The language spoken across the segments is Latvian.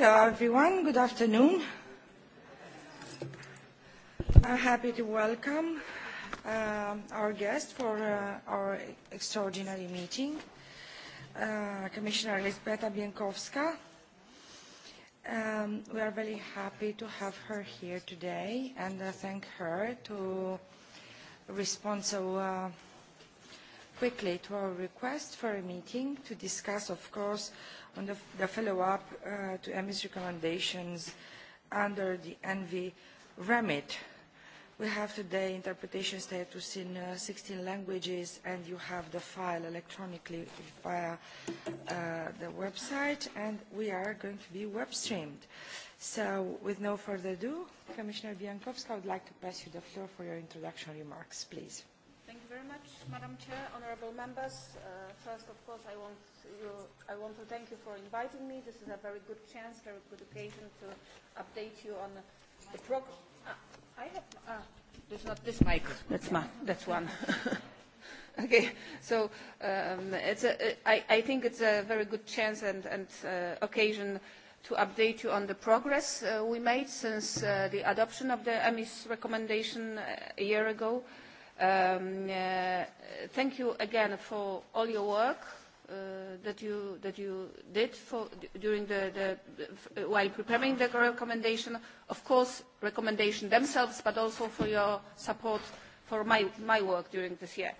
Hello, everyone. Good afternoon. I'm happy to welcome uh, our guest for uh, our extraordinary meeting, uh, Commissioner Lisbeta Bienkowska. Um, we are very happy to have her here today and uh, thank her to respond so uh, quickly to our request for a meeting to discuss, of course, on the, the follow-up uh, to EMI's recommendations under the ENVI remit. We have today interpretation status in uh, 16 languages, and you have the file electronically via uh, the website, and we are going to be web-streamed. So with no further ado, Commissioner Biankowska, I would like to pass you the floor for your introduction remarks, please. Thank you very much, Madam Chair, honorable members. Uh, first, of course, I want, you, I want to thank you for inviting me. This is a very good chance, very good occasion to update you on the progress. Ah, uh, I have, ah, this is not this mic. That's, my, that's one. Okay, so um, it's a, I, I think it's a very good chance and, and uh, occasion to update you on the progress uh, we made since uh, the adoption of the EMIS recommendation uh, a year ago. Uh, Um, uh, thank you again for all your work uh, that you that you did for during the, the while preparing the recommendation. Of course, recommendation themselves, but also for your support for my my work during this year.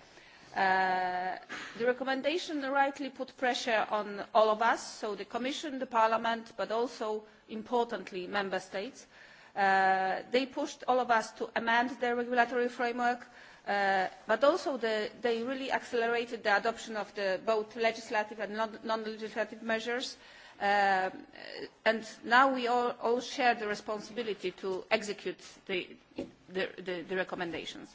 Uh, the recommendation rightly put pressure on all of us, so the Commission, the Parliament, but also, importantly, Member States. Uh, they pushed all of us to amend the regulatory framework uh, Uh, but also the, they really accelerated the adoption of the, both legislative and non-legislative measures. Uh, and now we all, all share the responsibility to execute the, the, the, the recommendations.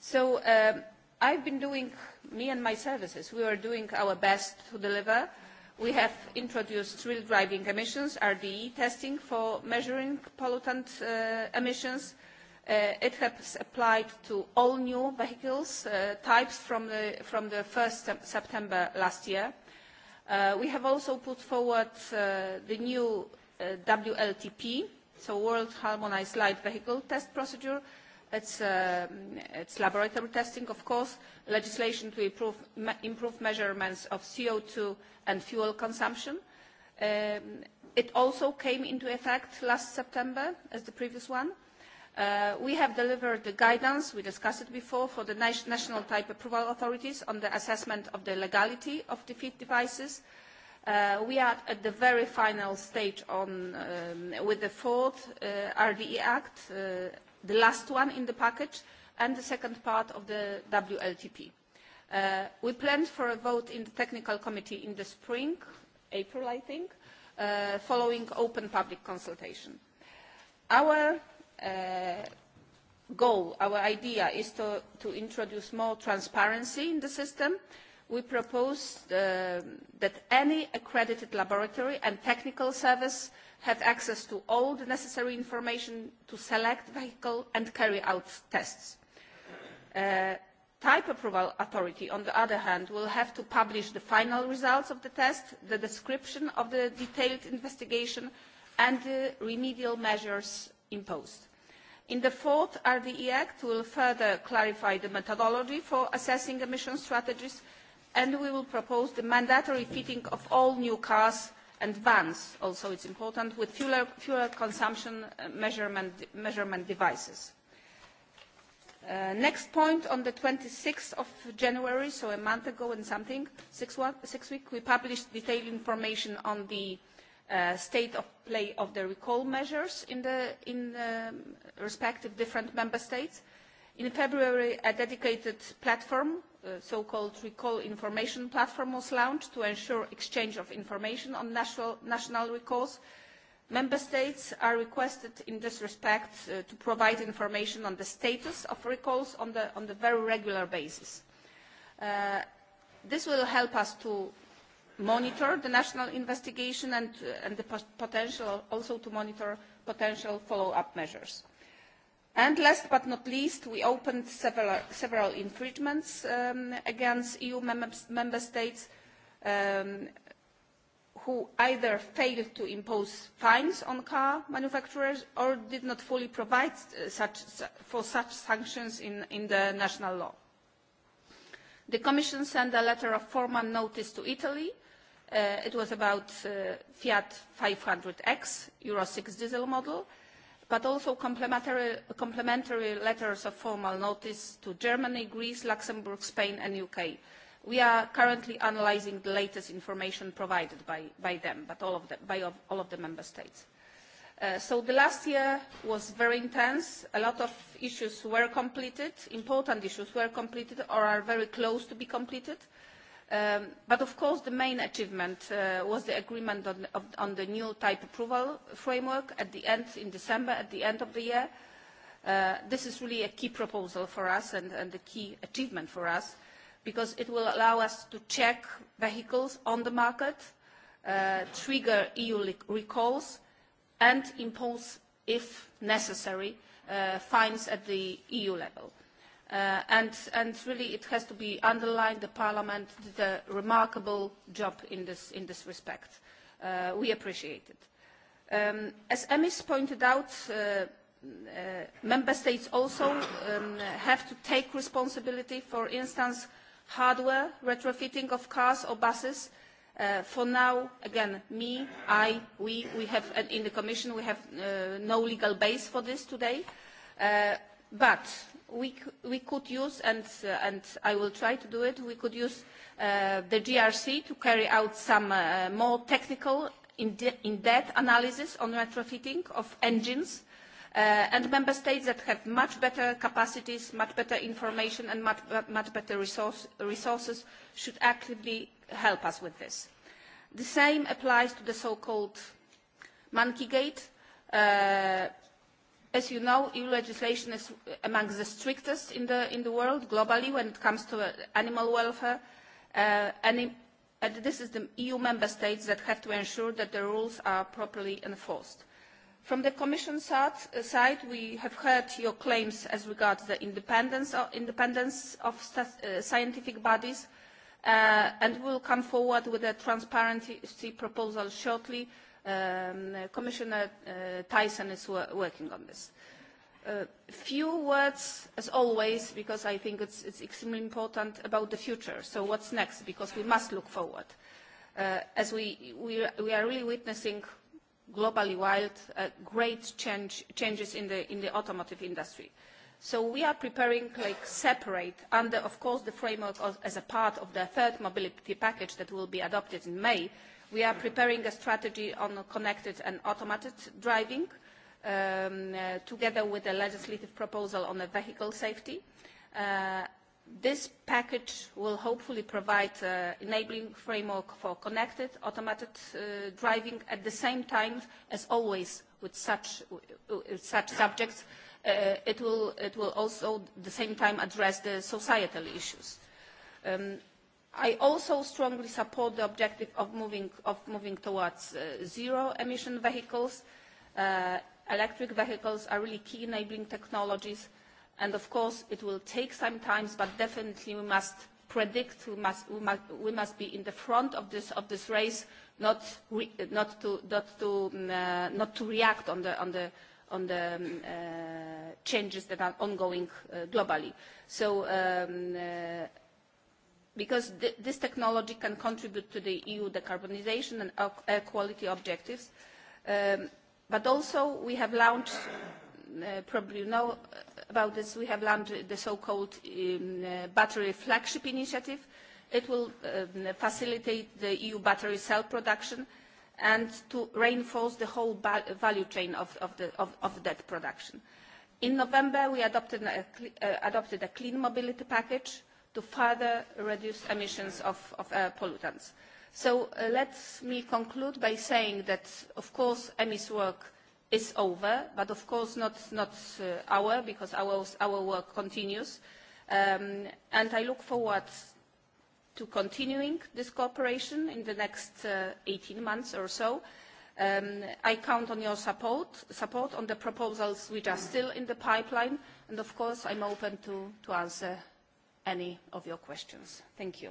So uh, I've been doing, me and my services, we are doing our best to deliver. We have introduced real driving emissions, RDE testing for measuring pollutant uh, emissions. Uh, Uh, it has applied to all new vehicles uh, types from the, from the 1st September last year. Uh, we have also put forward uh, the new uh, WLTP, so World Harmonized Light Vehicle Test Procedure. It's, uh, it's laboratory testing, of course, legislation to improve, me improve measurements of CO2 and fuel consumption. Um, it also came into effect last September as the previous one. Uh, Uh, we have delivered the guidance, we discussed it before, for the national type approval authorities on the assessment of the legality of the feed devices. Uh, we are at the very final stage on, um, with the fourth uh, RDE Act, uh, the last one in the package, and the second part of the WLTP. Uh, we planned for a vote in the technical committee in the spring, April I think, uh, following open public consultation. Our uh, goal, our idea is to, to introduce more transparency in the system. We propose uh, that any accredited laboratory and technical service have access to all the necessary information to select vehicle and carry out tests. Uh, type approval authority, on the other hand, will have to publish the final results of the test, the description of the detailed investigation, and the remedial measures imposed. In the fourth, RDE Act will further clarify the methodology for assessing emission strategies and we will propose the mandatory fitting of all new cars and vans, also it's important, with fuel, fuel consumption uh, measurement, measurement devices. Uh, next point, on the 26th of January, so a month ago and something, six, one, six weeks, we published detailed information on the uh, uh, state of play of the recall measures in the in the respective different member states. In February, a dedicated platform, uh, so-called recall information platform, was launched to ensure exchange of information on national, national recalls. Member states are requested in this respect uh, to provide information on the status of recalls on the, on the very regular basis. Uh, this will help us to monitor the national investigation and, uh, and the potential also to monitor potential follow-up measures. And last but not least, we opened several, several infringements um, against EU mem member states um, who either failed to impose fines on car manufacturers or did not fully provide uh, such, for such sanctions in, in the national law. The Commission sent a letter of formal notice to Italy uh, Uh, it was about uh, Fiat 500X, Euro 6 diesel model, but also complementary, complementary letters of formal notice to Germany, Greece, Luxembourg, Spain and UK. We are currently analyzing the latest information provided by, by them, but all of the, by of, all of the member states. Uh, so the last year was very intense. A lot of issues were completed, important issues were completed or are very close to be completed. Uh, Um, but of course the main achievement uh, was the agreement on, of, on the new type approval framework at the end in December, at the end of the year. Uh, this is really a key proposal for us and, and a key achievement for us because it will allow us to check vehicles on the market, uh, trigger EU recalls and impose, if necessary, uh, fines at the EU level. Uh, Uh, and, and really it has to be underlined, the Parliament did a remarkable job in this, in this respect. Uh, we appreciate it. Um, as Emis pointed out, uh, uh, Member States also um, have to take responsibility, for instance, hardware retrofitting of cars or buses. Uh, for now, again, me, I, we, we have, in the Commission, we have uh, no legal base for this today. Uh, but we, we could use, and, uh, and I will try to do it, we could use uh, the GRC to carry out some uh, more technical in-depth in, de in analysis on retrofitting of engines uh, and member states that have much better capacities, much better information and much, much better resource, resources should actively help us with this. The same applies to the so-called monkey gate. Uh, As you know, EU legislation is among the strictest in the, in the world globally when it comes to uh, animal welfare. Uh, and, and this is the EU member states that have to ensure that the rules are properly enforced. From the Commission uh, side, we have heard your claims as regards the independence of, independence of uh, scientific bodies, uh, and we will come forward with a transparency proposal shortly uh, Um, Commissioner uh, Tyson is wor working on this. Uh, few words, as always, because I think it's, it's extremely important about the future. So what's next? Because we must look forward. Uh, as we, we, we are really witnessing globally wild, uh, great change, changes in the, in the automotive industry. So we are preparing like separate under, of course, the framework of, as a part of the third mobility package that will be adopted in May, uh, We are preparing a strategy on connected and automated driving um, uh, together with a legislative proposal on the vehicle safety. Uh, this package will hopefully provide uh, enabling framework for connected, automated uh, driving at the same time as always with such, uh, such subjects. Uh, it, will, it will also at the same time address the societal issues. Um, I also strongly support the objective of moving, of moving towards uh, zero emission vehicles. Uh, electric vehicles are really key enabling technologies and of course it will take some time but definitely we must predict, we must, we must, we must be in the front of this, of this race, not, re, not, to, not, to, um, uh, not to react on the, on the, on the um, uh, changes that are ongoing uh, globally. So um, uh, because th this technology can contribute to the EU decarbonisation and air quality objectives. Um, but also we have launched, uh, probably you know about this, we have launched the so-called um, uh, battery flagship initiative. It will um, facilitate the EU battery cell production and to reinforce the whole value chain of, of, the, of, of that production. In November, we adopted a, uh, adopted a clean mobility package to further reduce emissions of, of air pollutants. So uh, let me conclude by saying that, of course, EMI's work is over, but of course not, not uh, our, because our, our work continues. Um, and I look forward to continuing this cooperation in the next uh, 18 months or so. Um, I count on your support, support on the proposals which are still in the pipeline, and of course I'm open to, to answer any of your questions. Thank you.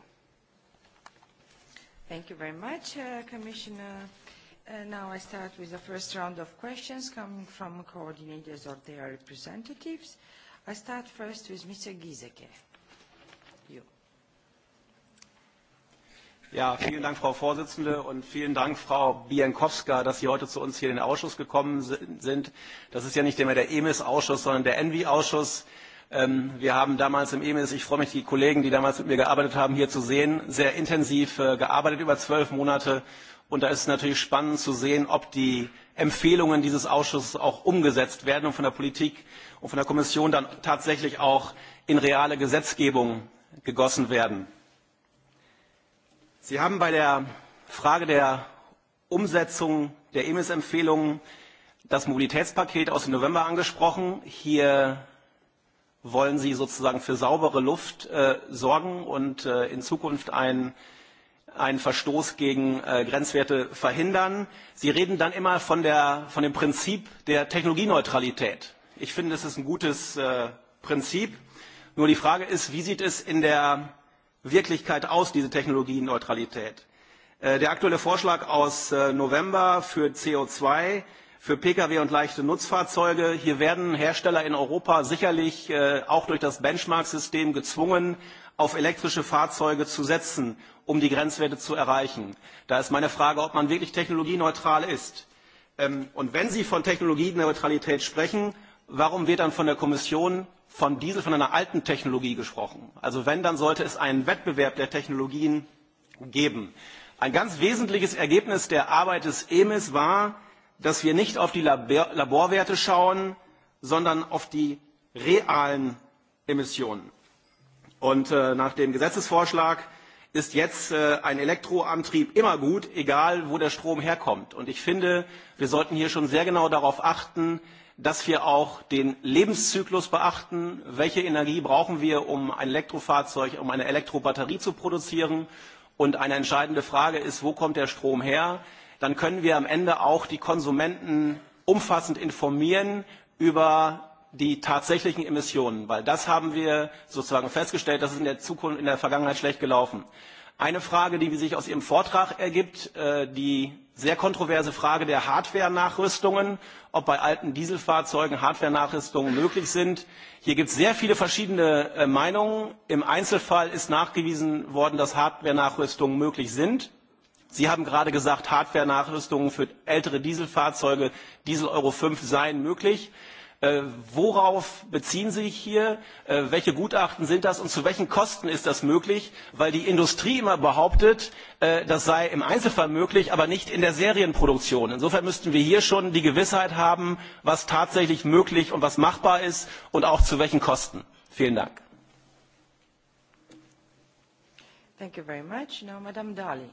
Thank you very much, uh, Commissioner. Uh, now I start with the first round of questions coming from coordinators or their representatives. I start first with Mr. Giesecke. You. Ja, vielen Dank, Frau Vorsitzende, und vielen Dank, Frau Bienkowska, dass Sie heute zu uns hier in den Ausschuss gekommen sind. Das ist ja nicht immer der EMIS-Ausschuss, sondern der ENVI-Ausschuss. ausschuss Ähm, wir haben damals im EMIS, ich freue mich, die Kollegen, die damals mit mir gearbeitet haben, hier zu sehen, sehr intensiv äh, gearbeitet über zwölf Monate. Und da ist es natürlich spannend zu sehen, ob die Empfehlungen dieses Ausschusses auch umgesetzt werden und von der Politik und von der Kommission dann tatsächlich auch in reale Gesetzgebung gegossen werden. Sie haben bei der Frage der Umsetzung der EMIS-Empfehlungen das Mobilitätspaket aus dem November angesprochen. Hier wollen Sie sozusagen für saubere Luft äh, sorgen und äh, in Zukunft einen einen Verstoß gegen äh, Grenzwerte verhindern. Sie reden dann immer von, der, von dem Prinzip der Technologieneutralität. Ich finde, es ist ein gutes äh, Prinzip. Nur die Frage ist, wie sieht es in der Wirklichkeit aus, diese Technologieneutralität? Äh, der aktuelle Vorschlag aus äh, November für CO2 für Pkw und leichte Nutzfahrzeuge. Hier werden Hersteller in Europa sicherlich äh, auch durch das Benchmark-System gezwungen, auf elektrische Fahrzeuge zu setzen, um die Grenzwerte zu erreichen. Da ist meine Frage, ob man wirklich technologieneutral ist. Ähm, und wenn Sie von Technologieneutralität sprechen, warum wird dann von der Kommission von Diesel, von einer alten Technologie gesprochen? Also wenn, dann sollte es einen Wettbewerb der Technologien geben. Ein ganz wesentliches Ergebnis der Arbeit des EMIS war, dass wir nicht auf die Labor Laborwerte schauen, sondern auf die realen Emissionen. Und äh, nach dem Gesetzesvorschlag ist jetzt äh, ein Elektroantrieb immer gut, egal wo der Strom herkommt. Und ich finde, wir sollten hier schon sehr genau darauf achten, dass wir auch den Lebenszyklus beachten. Welche Energie brauchen wir, um ein Elektrofahrzeug, um eine Elektrobatterie zu produzieren? Und eine entscheidende Frage ist, wo kommt der Strom her? dann können wir am Ende auch die Konsumenten umfassend informieren über die tatsächlichen Emissionen, weil das haben wir sozusagen festgestellt, das ist in der Zukunft, in der Vergangenheit schlecht gelaufen. Eine Frage, die sich aus Ihrem Vortrag ergibt, äh, die sehr kontroverse Frage der Hardware-Nachrüstungen, ob bei alten Dieselfahrzeugen Hardware-Nachrüstungen möglich sind. Hier gibt es sehr viele verschiedene äh, Meinungen. Im Einzelfall ist nachgewiesen worden, dass Hardware-Nachrüstungen möglich sind. Sie haben gerade gesagt, Hardware-Nachrüstungen für ältere Dieselfahrzeuge, Diesel Euro 5 seien möglich. Äh, worauf beziehen Sie sich hier? Äh, welche Gutachten sind das und zu welchen Kosten ist das möglich? Weil die Industrie immer behauptet, äh, das sei im Einzelfall möglich, aber nicht in der Serienproduktion. Insofern müssten wir hier schon die Gewissheit haben, was tatsächlich möglich und was machbar ist und auch zu welchen Kosten. Vielen Dank. Thank you very much. Now, Madame Dali.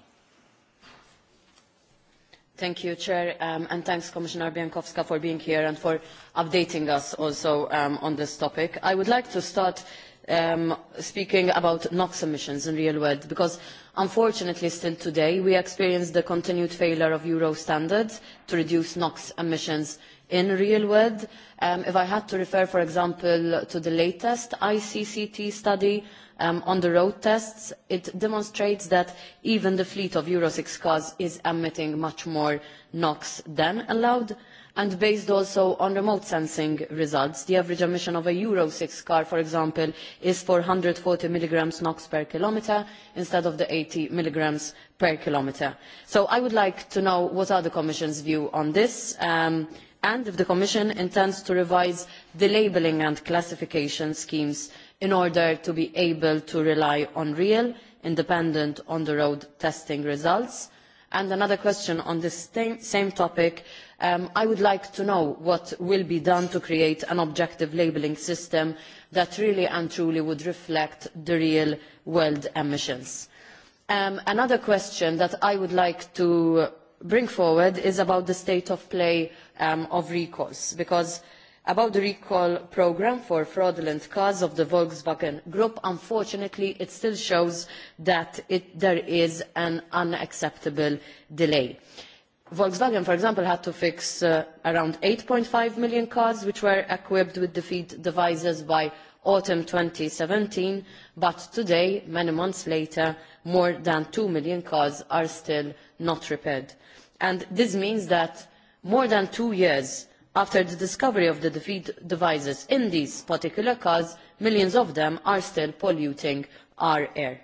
Thank you, Chair, um, and thanks, Commissioner Biankowska, for being here and for updating us also um, on this topic. I would like to start um, speaking about NOx emissions in real world, because unfortunately still today we experience the continued failure of Euro standards to reduce NOx emissions in real world. Um, if I had to refer, for example, to the latest ICCT study um, on the road tests, it demonstrates that even the fleet of Euro 6 cars is emitting much more NOx than allowed. And based also on remote sensing results, the average emission of a Euro 6 car, for example, is 440 milligrams NOx per kilometer instead of the 80 milligrams per kilometer. So I would like to know what are the Commission's view on this. Um, and if the Commission intends to revise the labelling and classification schemes in order to be able to rely on real, independent, on-the-road testing results? And another question on this same topic, um, I would like to know what will be done to create an objective labelling system that really and truly would reflect the real world emissions. Um, another question that I would like to bring forward is about the state of play um, of recalls, because about the recall programme for fraudulent cars of the Volkswagen Group, unfortunately, it still shows that it, there is an unacceptable delay. Volkswagen, for example, had to fix uh, around 8.5 million cars which were equipped with defeat devices by autumn 2017, but today, many months later, more than 2 million cars are still not repaired. And this means that more than two years after the discovery of the defeat devices in these particular cars millions of them are still polluting our air.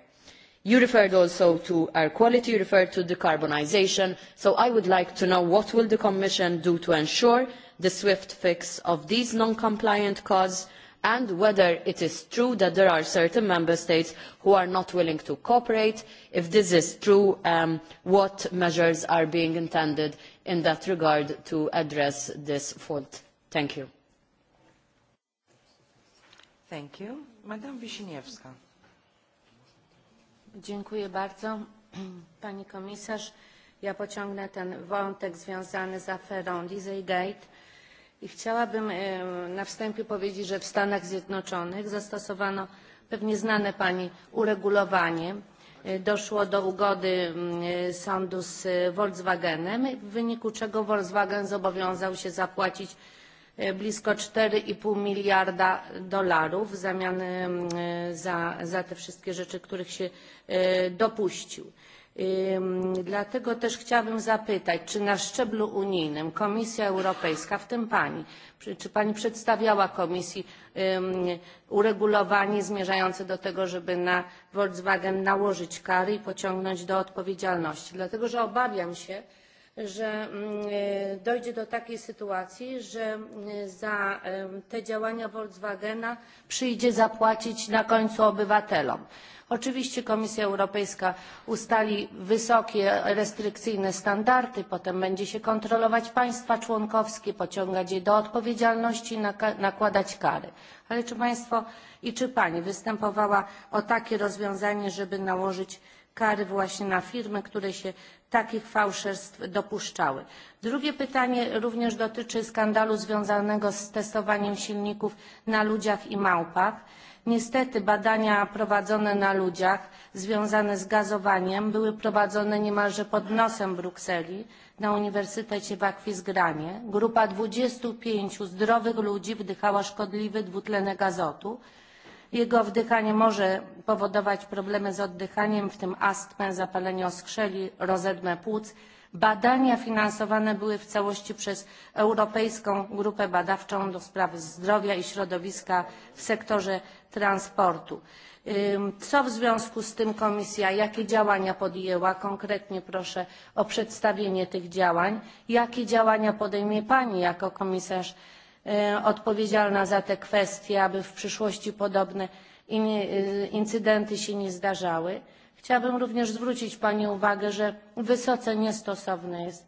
you referred also to air quality you referred to decarbonisation so i would like to know what will the commission do to ensure the swift fix of these non compliant cars and whether it is true that there are certain member states who are not willing to cooperate. If this is true, um, what measures are being intended in that regard to address this fault? Thank you. Thank you. Madam Wiśniewska. Dziękuję bardzo. Pani komisarz, ja pociągnę ten wątek związany z aferą Lizeygate I chciałabym e, na wstępie powiedzieć, że w Stanach Zjednoczonych zastosowano pewnie znane Pani uregulowanie. E, doszło do ugody e, sądu z Volkswagenem, w wyniku czego Volkswagen zobowiązał się zapłacić blisko 4,5 miliarda dolarów w zamian za, za te wszystkie rzeczy, których się dopuścił. Dlatego też chciałabym zapytać, czy na szczeblu unijnym Komisja Europejska, w tym Pani, czy Pani przedstawiała Komisji uregulowanie zmierzające do tego, żeby na Volkswagen nałożyć kary i pociągnąć do odpowiedzialności? Dlatego, że obawiam się, że e, dojdzie do takiej sytuacji, że e, za e, te działania Volkswagena przyjdzie zapłacić na końcu obywatelom. Oczywiście Komisja Europejska ustali wysokie, restrykcyjne standardy, potem będzie się kontrolować państwa członkowskie, pociągać je do odpowiedzialności, nakładać kary. Ale czy państwo i czy pani występowała o takie rozwiązanie, żeby nałożyć kary właśnie na firmy, które się takich fałszerstw dopuszczały. Drugie pytanie również dotyczy skandalu związanego z testowaniem silników na ludziach i małpach. Niestety badania prowadzone na ludziach związane z gazowaniem były prowadzone niemalże pod nosem Brukseli na Uniwersytecie w Akwizgranie. Grupa 25 zdrowych ludzi wdychała szkodliwy dwutlenek azotu. Jego wdychanie może powodować problemy z oddychaniem, w tym astmę, zapalenie oskrzeli, rozedmę płuc Badania finansowane były w całości przez Europejską Grupę Badawczą do Spraw Zdrowia i Środowiska w sektorze transportu. Co w związku z tym Komisja, jakie działania podjęła? Konkretnie proszę o przedstawienie tych działań. Jakie działania podejmie Pani jako komisarz odpowiedzialna za te kwestie, aby w przyszłości podobne incydenty się nie zdarzały? Chciałabym również zwrócić Pani uwagę, że wysoce niestosowne jest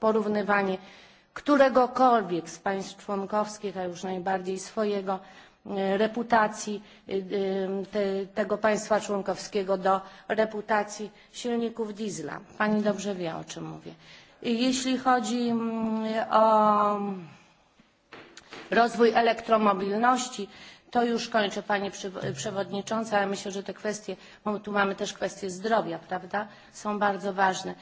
porównywanie któregokolwiek z państw członkowskich, a już najbardziej swojego, e, reputacji e, e, te, tego państwa członkowskiego do reputacji silników diesla. Pani dobrze wie, o czym mówię. Jeśli chodzi mm, o rozwój elektromobilności, To już kończę, Pani Przewodnicząca, ale myślę, że te kwestie, bo tu mamy też kwestie zdrowia, prawda, są bardzo ważne.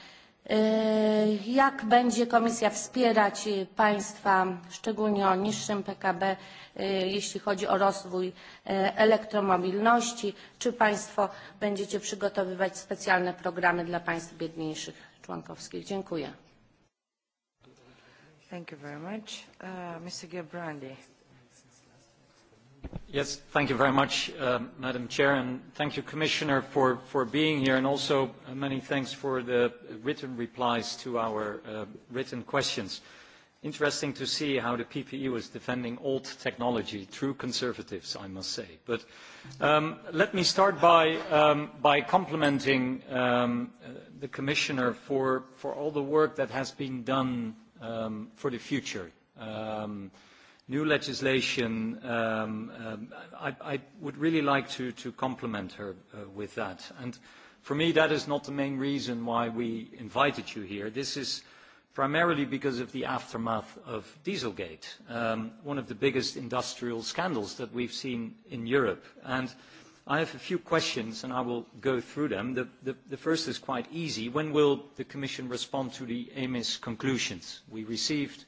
Jak będzie Komisja wspierać państwa, szczególnie o niższym PKB, jeśli chodzi o rozwój elektromobilności? Czy państwo będziecie przygotowywać specjalne programy dla państw biedniejszych członkowskich? Dziękuję. Thank you very much. Uh, Mr. Gebrandi. Yes, thank you very much, uh, Madam Chair, and thank you, Commissioner, for, for being here, and also uh, many thanks for the written replies to our uh, written questions. Interesting to see how the PPE was defending old technology, true conservatives, I must say. But um, let me start by, um, by complimenting um, uh, the Commissioner for, for all the work that has been done um, for the future. Um, uh, new legislation, um, um, I, I would really like to, to compliment her uh, with that. And for me, that is not the main reason why we invited you here. This is primarily because of the aftermath of Dieselgate, um, one of the biggest industrial scandals that we've seen in Europe. And I have a few questions, and I will go through them. The, the, the first is quite easy. When will the Commission respond to the AMIS conclusions? We received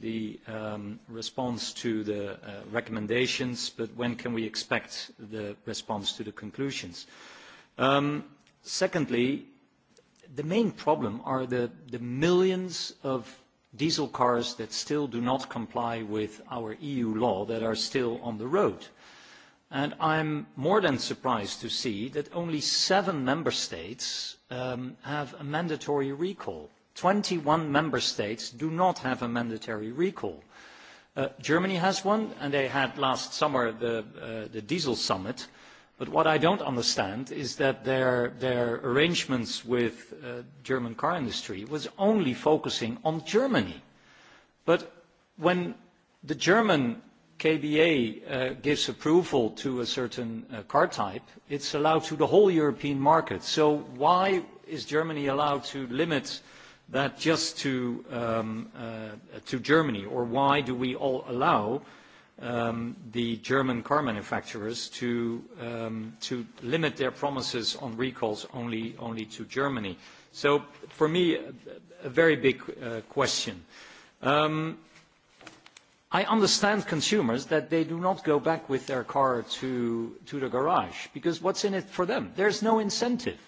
the um, response to the uh, recommendations, but when can we expect the response to the conclusions? Um, secondly, the main problem are the, the millions of diesel cars that still do not comply with our EU law that are still on the road. And I'm more than surprised to see that only seven member states um, have a mandatory recall. 21 member states do not have a mandatory recall. Uh, Germany has one, and they had last summer the, uh, the diesel summit. But what I don't understand is that their, their arrangements with uh, German car industry was only focusing on Germany. But when the German KBA uh, gives approval to a certain uh, car type, it's allowed to the whole European market. So why is Germany allowed to limit uh, that just to, um, uh, to Germany, or why do we all allow um, the German car manufacturers to, um, to limit their promises on recalls only, only to Germany? So for me, a, a very big uh, question. Um, I understand consumers that they do not go back with their car to, to the garage because what's in it for them? There's no incentive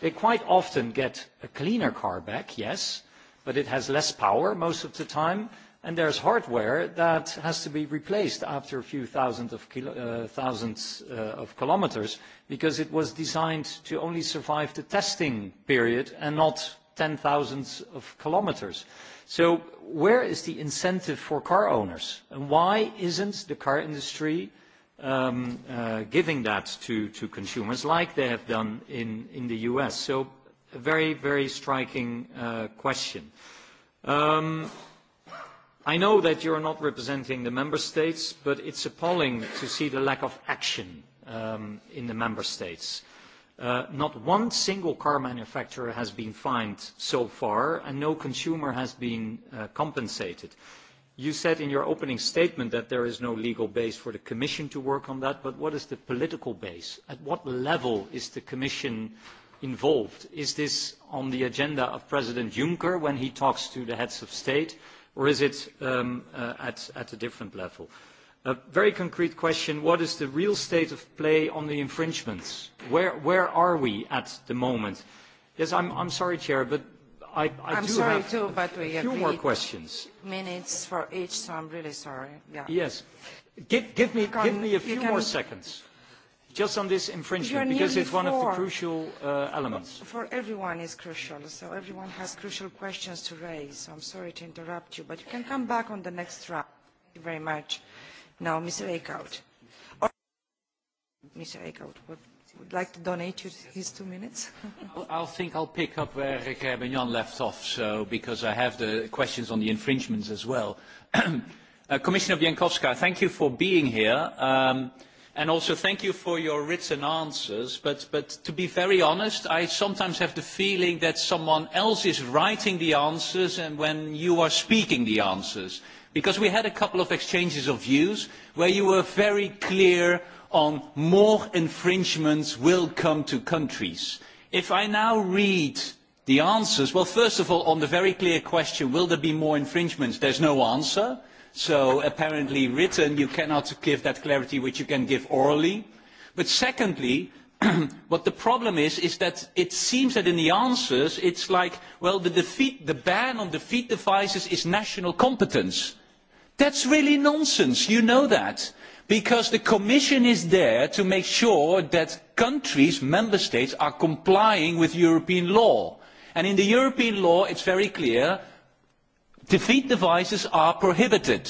They quite often get a cleaner car back, yes, but it has less power most of the time, and there's hardware that has to be replaced after a few thousand of kilo, uh, thousands uh, of kilometers because it was designed to only survive the testing period and not ten thousands of kilometers. So where is the incentive for car owners? And why isn't the car industry um, uh, giving that to, to consumers like they have done in, in the US. So a very, very striking uh, question. Um, I know that you're not representing the member states, but it's appalling to see the lack of action um, in the member states. Uh, not one single car manufacturer has been fined so far, and no consumer has been uh, compensated. Uh, You said in your opening statement that there is no legal base for the Commission to work on that, but what is the political base? At what level is the Commission involved? Is this on the agenda of President Juncker when he talks to the heads of state, or is it um, uh, at, at a different level? A very concrete question, what is the real state of play on the infringements? Where, where are we at the moment? Yes, I'm, I'm sorry, Chair, but I, I I'm do sorry have too, but we a few more questions. Minutes for each, so I'm really sorry. Yeah. Yes. Give, give, me, can, give me a few can, more seconds just on this infringement because it's one four. of the crucial uh, elements. For everyone is crucial, so everyone has crucial questions to raise. So I'm sorry to interrupt you, but you can come back on the next round. Thank you very much. Now, Mr. Eickhout. Or, Mr. Eickhout, what? would like to donate you his two minutes. I think I'll pick up where Gerben uh, Jan left off, so because I have the questions on the infringements as well. uh, Commissioner Biankowska, thank you for being here, um, and also thank you for your written answers. But, but to be very honest, I sometimes have the feeling that someone else is writing the answers and when you are speaking the answers. Because we had a couple of exchanges of views where you were very clear on more infringements will come to countries. If I now read the answers, well, first of all, on the very clear question, will there be more infringements, there's no answer. So apparently written, you cannot give that clarity which you can give orally. But secondly, what the problem is, is that it seems that in the answers, it's like, well, the, defeat, the ban on defeat devices is national competence. That's really nonsense. You know that because the commission is there to make sure that countries member states are complying with european law and in the european law it is very clear defeat devices are prohibited.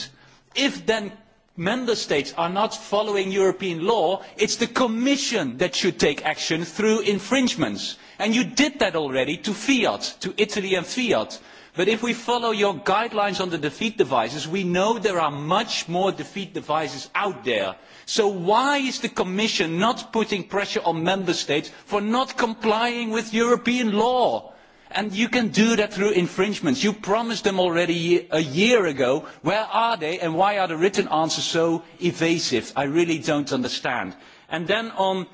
if then member states are not following european law it is the commission that should take action through infringements and you did that already to fiat to italy and fiat. But if we follow your guidelines on the defeat devices, we know there are much more defeat devices out there. So why is the Commission not putting pressure on Member States for not complying with European law? And you can do that through infringements. You promised them already a year ago. Where are they and why are the written answers so evasive? I really don't understand. And then on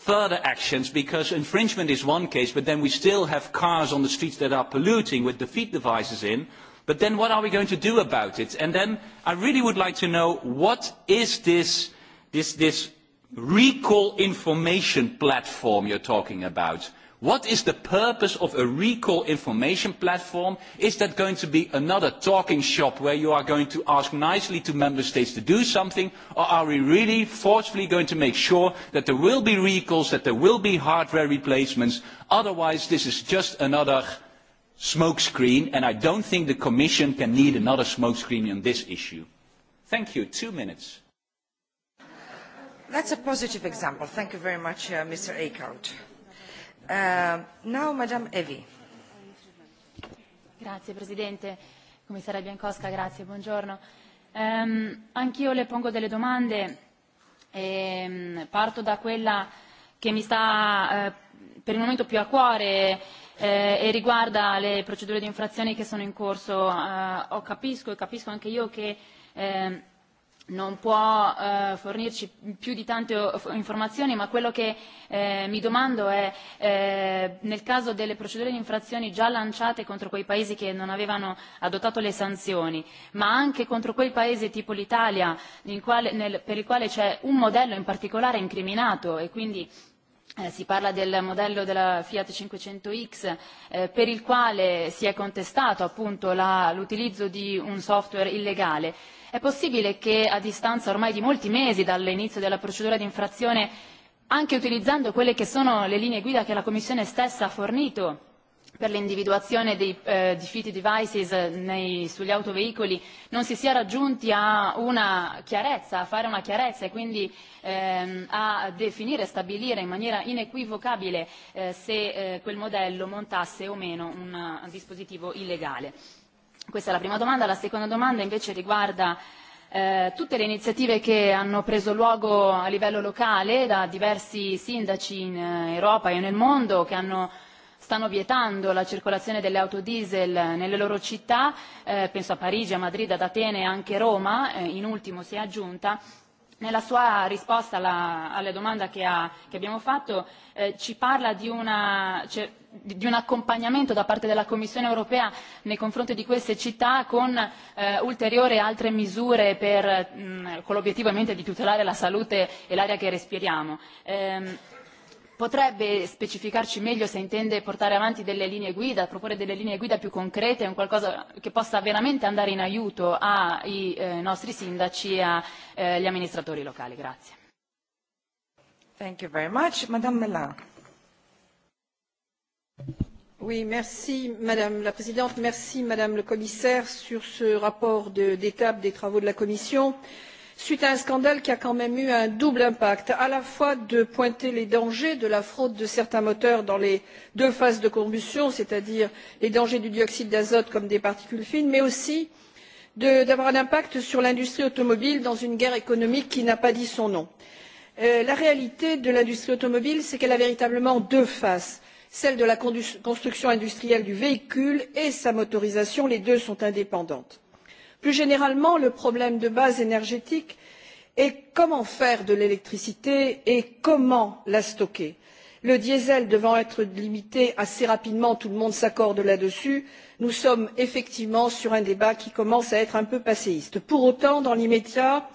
further actions because infringement is one case, but then we still have cars on the streets that are polluting with defeat devices in. But then what are we going to do about it? And then I really would like to know what is this, this, this recall information platform you're talking about? What is the purpose of a recall information platform? Is that going to be another talking shop where you are going to ask nicely to member states to do something? Or are we really forcefully going to make sure that there will be recalls, that there will be hardware replacements? Otherwise, this is just another smokescreen, and I don't think the Commission can need another smokescreen on this issue. Thank you. Two minutes. That's a positive example. Thank you very much, uh, Mr. Ackhout. Uh, now, Madame Evi. Grazie Presidente, Commissaria Biancosca, grazie, buongiorno. Um, anch'io le pongo delle domande e um, parto da quella che mi sta uh, per il momento più a cuore eh, e riguarda le procedure di infrazione che sono in corso. Uh, eh, oh, capisco e capisco anche io che eh, non può eh, fornirci più di tante eh, informazioni, ma quello che eh, mi domando è eh, nel caso delle procedure di infrazione già lanciate contro quei paesi che non avevano adottato le sanzioni, ma anche contro quei paesi tipo l'Italia in quale, nel, per il quale c'è un modello in particolare incriminato e quindi Eh, si parla del modello della Fiat 500X eh, per il quale si è contestato appunto la, l'utilizzo di un software illegale. È possibile che a distanza ormai di molti mesi dall'inizio della procedura di infrazione, anche utilizzando quelle che sono le linee guida che la Commissione stessa ha fornito per l'individuazione dei eh, defeat devices eh, nei, sugli autoveicoli non si sia raggiunti a una chiarezza, a fare una chiarezza e quindi ehm, a definire e stabilire in maniera inequivocabile eh, se eh, quel modello montasse o meno un eh, dispositivo illegale. Questa è la prima domanda. La seconda domanda invece riguarda eh, tutte le iniziative che hanno preso luogo a livello locale da diversi sindaci in eh, Europa e nel mondo che hanno stanno vietando la circolazione delle auto diesel nelle loro città, eh, penso a Parigi, a Madrid, ad Atene e anche Roma, eh, in ultimo si è aggiunta, nella sua risposta alla, alla domanda che, ha, che abbiamo fatto eh, ci parla di, una, cioè, di un accompagnamento da parte della Commissione europea nei confronti di queste città con eh, ulteriori altre misure per, mh, mm, con l'obiettivo ovviamente di tutelare la salute e l'aria che respiriamo. Eh, potrebbe specificarci meglio se intende portare avanti delle linee guida, proporre delle linee guida più concrete, un qualcosa che possa veramente andare in aiuto ai eh, nostri sindaci e agli eh, amministratori locali. Grazie. Thank you very much. Madame Mellin. Oui, merci Madame la Présidente, merci Madame le Commissaire sur ce rapport d'étape de, des travaux de la Commission. Euh, suite à un scandale qui a quand même eu un double impact à la fois de pointer les dangers de la fraude de certains moteurs dans les deux phases de combustion c'est à dire les dangers du dioxyde d'azote comme des particules fines mais aussi d'avoir un impact sur l'industrie automobile dans une guerre économique qui n'a pas dit son nom. Euh, la réalité de l'industrie automobile c'est qu'elle a véritablement deux faces celle de la construction industrielle du véhicule et sa motorisation les deux sont indépendantes plus généralement le problème de base énergétique est comment faire de l'électricité et comment la stocker? le diesel devant être limité assez rapidement tout le monde s'accorde là dessus nous sommes effectivement sur un débat qui commence à être un peu passéiste. pour autant dans l'immédiat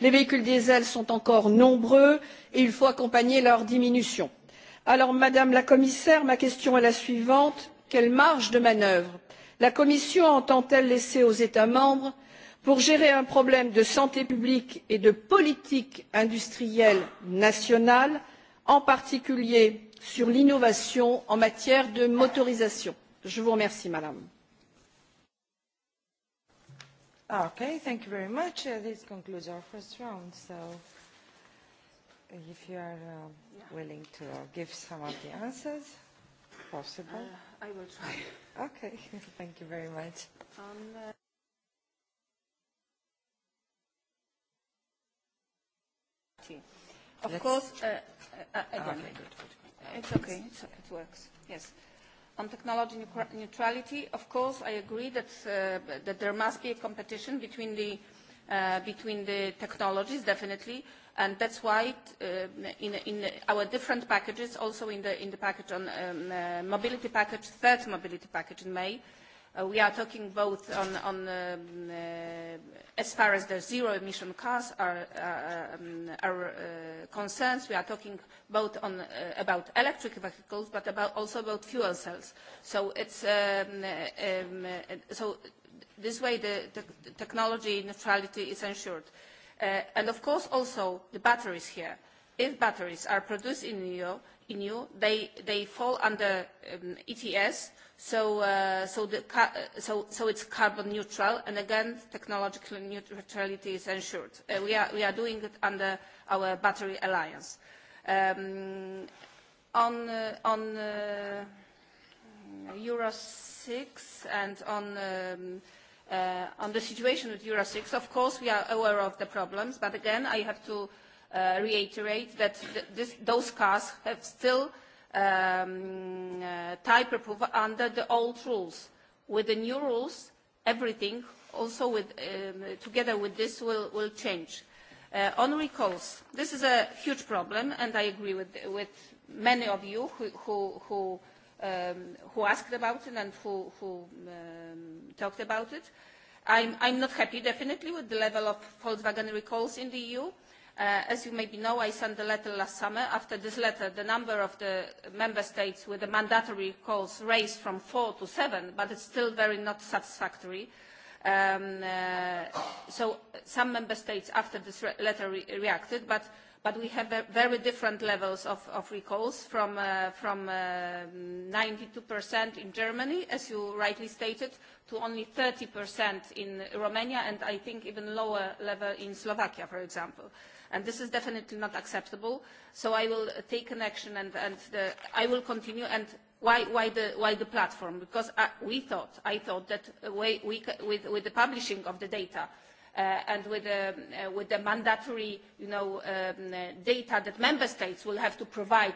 les véhicules diesel sont encore nombreux et il faut accompagner leur diminution. alors madame la commissaire ma question est la suivante quelle marge de manœuvre la commission entend elle laisser aux états membres pour gérer un problème de santé publique et de politique industrielle nationale en particulier sur l'innovation en matière de motorisation? je vous remercie madame. Okay, thank you very much. Uh, this concludes our first round. So if you are uh, yeah. willing to uh, give some of the answers, possible. Uh, I will try. Okay, thank you very much. On, um, uh... Of Let's... course, uh, uh, uh, again, okay, good, good. it's okay, it's, it works, yes. On technology neutrality, of course, I agree that, uh, that there must be a competition between the, uh, between the technologies, definitely, uh, And that's why uh, in, in our different packages, also in the, in the package on um, uh, mobility package, third mobility package in May, uh, we are talking both on, on um, uh, as far as the zero emission cars are, uh, um, are uh, concerns, we are talking both on, uh, about electric vehicles, but about also about fuel cells. So it's, um, um, uh, so this way the, the technology neutrality is ensured. Uh, Uh, and of course also the batteries here. If batteries are produced in EU, in EU they, they fall under um, ETS, so, uh, so, the ca uh, so, so it's carbon neutral, and again, technological neutrality is ensured. Uh, we, are, we are doing it under our battery alliance. Um, on uh, on uh, Euro 6 and on um, Uh, on the situation with Euro 6, of course, we are aware of the problems, but again, I have to uh, reiterate that th this, those cars have still um, uh, type approval under the old rules. With the new rules, everything, also with, um, together with this, will, will change. Uh, on recalls, this is a huge problem, and I agree with, with many of you who, who, who um, who asked about it and who, who um, talked about it. I'm, I'm not happy, definitely, with the level of Volkswagen recalls in the EU. Uh, as you maybe know, I sent a letter last summer. After this letter, the number of the member states with the mandatory recalls raised from four to seven, but it's still very not satisfactory. Um, uh, so some member states after this re letter re reacted, but uh, but we have very different levels of, of recalls from, uh, from uh, 92% in Germany, as you rightly stated, to only 30% in Romania, and I think even lower level in Slovakia, for example. And this is definitely not acceptable. So I will take an action, and, and the, I will continue. And why, why, the, why the platform? Because I, uh, we thought, I thought that way we, with, with the publishing of the data, uh, and with the, uh, with the mandatory you know, um, uh, data that member states will have to provide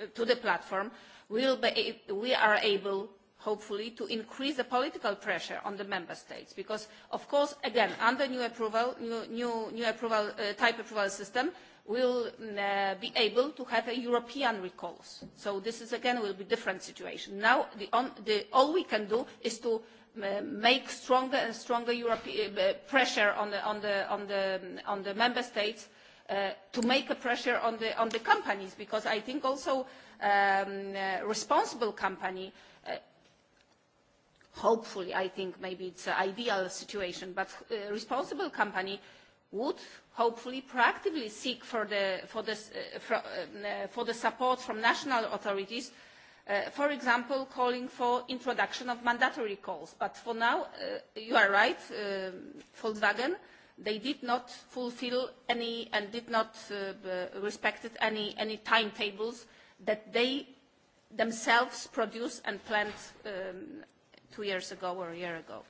uh, to the platform, we'll be, we are able hopefully, to increase the political pressure on the member states. Because, of course, again, under new approval, new, new, new approval, uh, type approval system, we'll mm, uh, be able to have a European recourse. So this is, again, will be a different situation. Now, the on, the, all we can do is to make stronger and stronger Europe, uh, pressure on the, on, the, on, the, on the member states uh, to make a pressure on the, on the companies because I think also um, uh, responsible company uh, hopefully I think maybe it's an ideal situation but uh, responsible company would hopefully proactively seek for the, for, this, uh, for, uh, for the support from national authorities uh, Uh, for example, calling for introduction of mandatory calls. But for now, uh, you are right, uh, Volkswagen, they did not fulfill any and did not uh, respected any, any timetables that they themselves produced and planned um, two years ago or a year ago.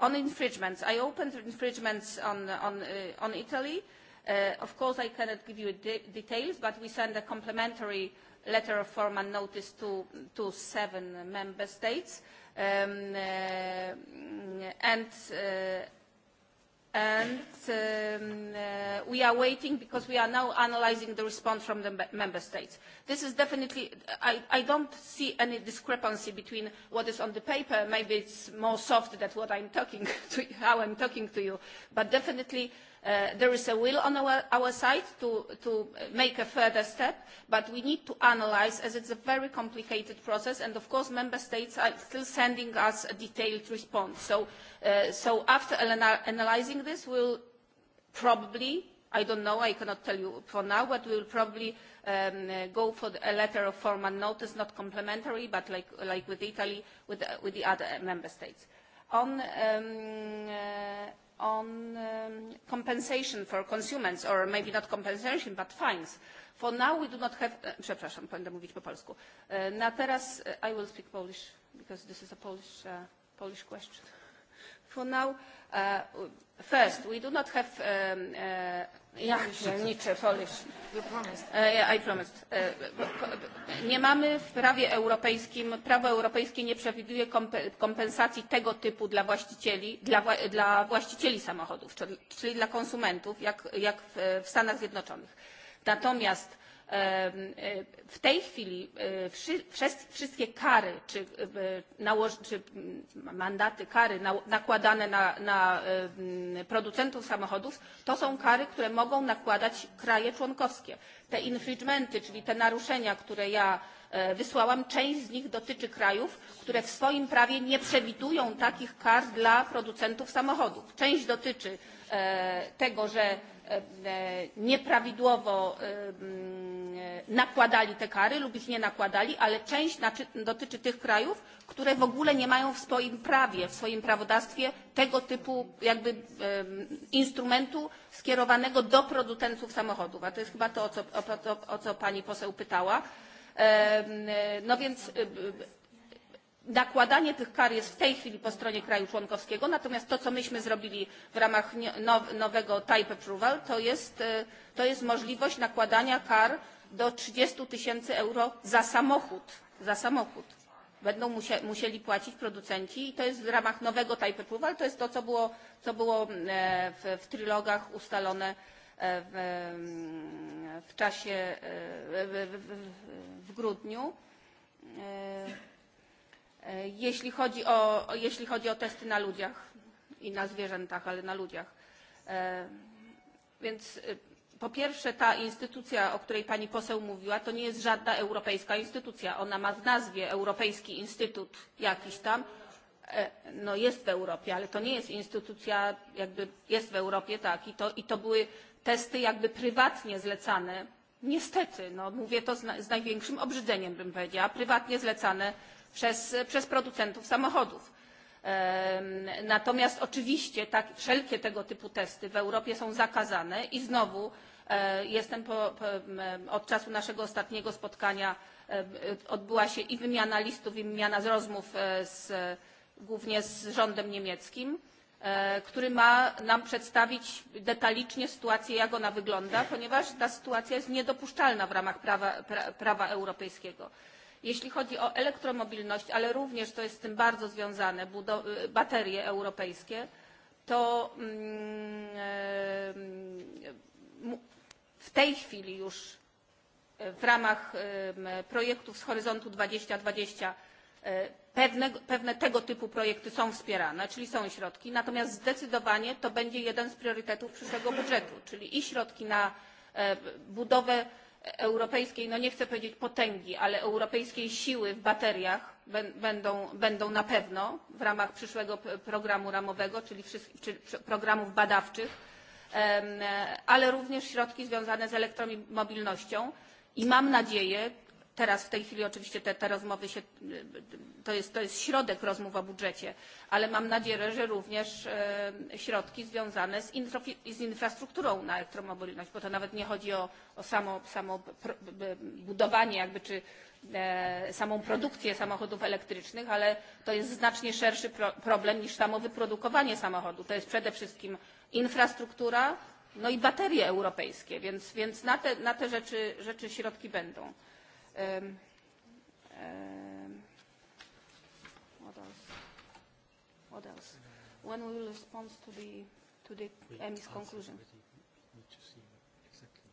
On infringements, I opened infringements on, on, uh, on Italy. Uh, of course, I cannot give you de details, but we sent a complementary uh, letter of formal notice to, to seven member states. Um, uh, and uh, and um, uh, we are waiting because we are now analyzing the response from the member states. This is definitely, I, I don't see any discrepancy between what is on the paper, maybe it's more soft than what I'm talking to, how I'm talking to you, but definitely uh, Uh, there is a will on our, our side to, to make a further step, but we need to analyze as it's a very complicated process and of course member states are still sending us a detailed response. So, uh, so after analyzing this, we'll probably, I don't know, I cannot tell you for now, but we'll probably um, uh, go for the, a letter of formal notice, not complementary, but like, like with Italy, with, uh, with the other member states. Uh, on, um, uh, on um, compensation for consumers, or maybe not compensation, but fines. For now we do not have... Uh, przepraszam, będę mówić po polsku. Uh, na teraz... Uh, I will speak Polish, because this is a Polish, uh, Polish question for now. Uh, first, we do not have... Um, uh, ja pierniczę, Polish. You promised. Uh, I promised. Uh, nie mamy w prawie europejskim, prawo europejskie nie przewiduje kompensacji tego typu dla właścicieli, dla, dla właścicieli samochodów, czyli dla konsumentów, jak, jak w, w Stanach Zjednoczonych. Natomiast E, w tej chwili e, wszystkie kary czy, e, czy mandaty kary nakładane na, na producentów samochodów to są kary, które mogą nakładać kraje członkowskie. Te infringementy, czyli te naruszenia, które ja wysłałam, część z nich dotyczy krajów, które w swoim prawie nie przewidują takich kar dla producentów samochodów. Część dotyczy tego, że nieprawidłowo nakładali te kary lub ich nie nakładali, ale część dotyczy tych krajów, które w ogóle nie mają w swoim prawie, w swoim prawodawstwie tego typu jakby instrumentu skierowanego do producentów samochodów. A to jest chyba to, o co, o, o co pani poseł pytała. No więc nakładanie tych kar jest w tej chwili po stronie kraju członkowskiego, natomiast to, co myśmy zrobili w ramach nowego type approval, to jest, to jest możliwość nakładania kar do 30 tysięcy euro za samochód. Za samochód będą musie, musieli płacić producenci i to jest w ramach nowego type approval, ale to jest to, co było, co było e, w, w trylogach ustalone e, w, mm, w czasie e, w, w, w grudniu. Jeśli chodzi, o, jeśli chodzi o testy na ludziach i na zwierzętach, ale na ludziach. Więc po pierwsze ta instytucja, o której pani poseł mówiła, to nie jest żadna europejska instytucja. Ona ma w nazwie Europejski Instytut jakiś tam. E, no jest w Europie, ale to nie jest instytucja, jakby jest w Europie, tak. I to, i to były testy jakby prywatnie zlecane. Niestety, no mówię to z, na, z największym obrzydzeniem bym powiedziała, prywatnie zlecane przez, przez producentów samochodów Natomiast oczywiście tak, wszelkie tego typu testy w Europie są zakazane i znowu e, jestem po, po, od czasu naszego ostatniego spotkania e, odbyła się i wymiana listów, i wymiana z rozmów e, z, głównie z rządem niemieckim, który ma nam przedstawić detalicznie sytuację, jak ona wygląda, ponieważ ta sytuacja jest niedopuszczalna w ramach prawa, pra, prawa europejskiego. Jeśli chodzi o elektromobilność, ale również to jest z tym bardzo związane, baterie europejskie, to mm, mm, w tej chwili już w ramach projektów z Horyzontu 2020 pewne, pewne tego typu projekty są wspierane, czyli są środki, natomiast zdecydowanie to będzie jeden z priorytetów przyszłego budżetu, czyli i środki na budowę europejskiej, no nie chcę powiedzieć potęgi, ale europejskiej siły w bateriach będą, będą na pewno w ramach przyszłego programu ramowego, czyli, wszystkich, czyli programów badawczych, ale również środki związane z elektromobilnością. I mam nadzieję, teraz w tej chwili oczywiście te, te rozmowy się, to jest, to jest środek rozmów o budżecie, ale mam nadzieję, że również e, środki związane z, infrafi, z infrastrukturą na elektromobilność, bo to nawet nie chodzi o, o samo, samo budowanie jakby, czy e, samą produkcję samochodów elektrycznych, ale to jest znacznie szerszy pro, problem niż samo wyprodukowanie samochodu. To jest przede wszystkim infrastruktura, no i baterie europejskie, więc, więc na, te, na te rzeczy, rzeczy środki będą. Um, um, what else? What else? When we will respond to the to the we EMI's conclusion. Already. We need to see exactly.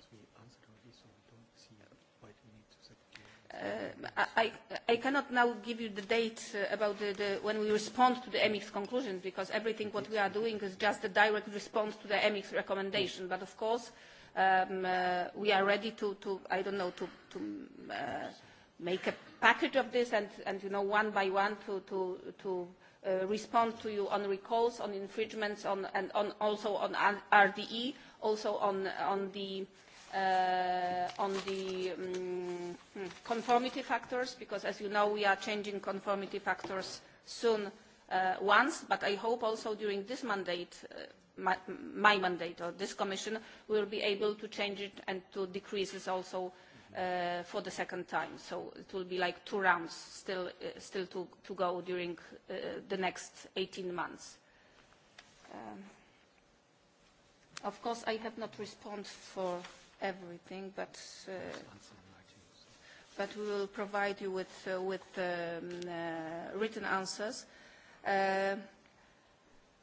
So we answered already, so we don't see why do we need to set uh, ehm, I, I cannot now give you the date uh, about the, the, when we respond to the MX conclusions because everything what we are doing is just a direct response to the MX recommendation. But of course, uh, um, uh, we are ready to, to I don't know, to, to uh, make a package of this and, and you know, one by one to, to, to uh, respond to you on recalls, on infringements, on, and on also on RDE, also on, on the, uh, on the um, conformity factors, because as you know, we are changing conformity factors soon uh, once, but I hope also during this mandate, uh, my, my mandate or this commission will be able to change it and to decrease this also uh, for the second time. So it will be like two rounds still, uh, still to, to go during uh, the next 18 months. Um, of course, I have not responded for everything, but, uh, but we will provide you with, uh, with um, uh, written answers. Uh,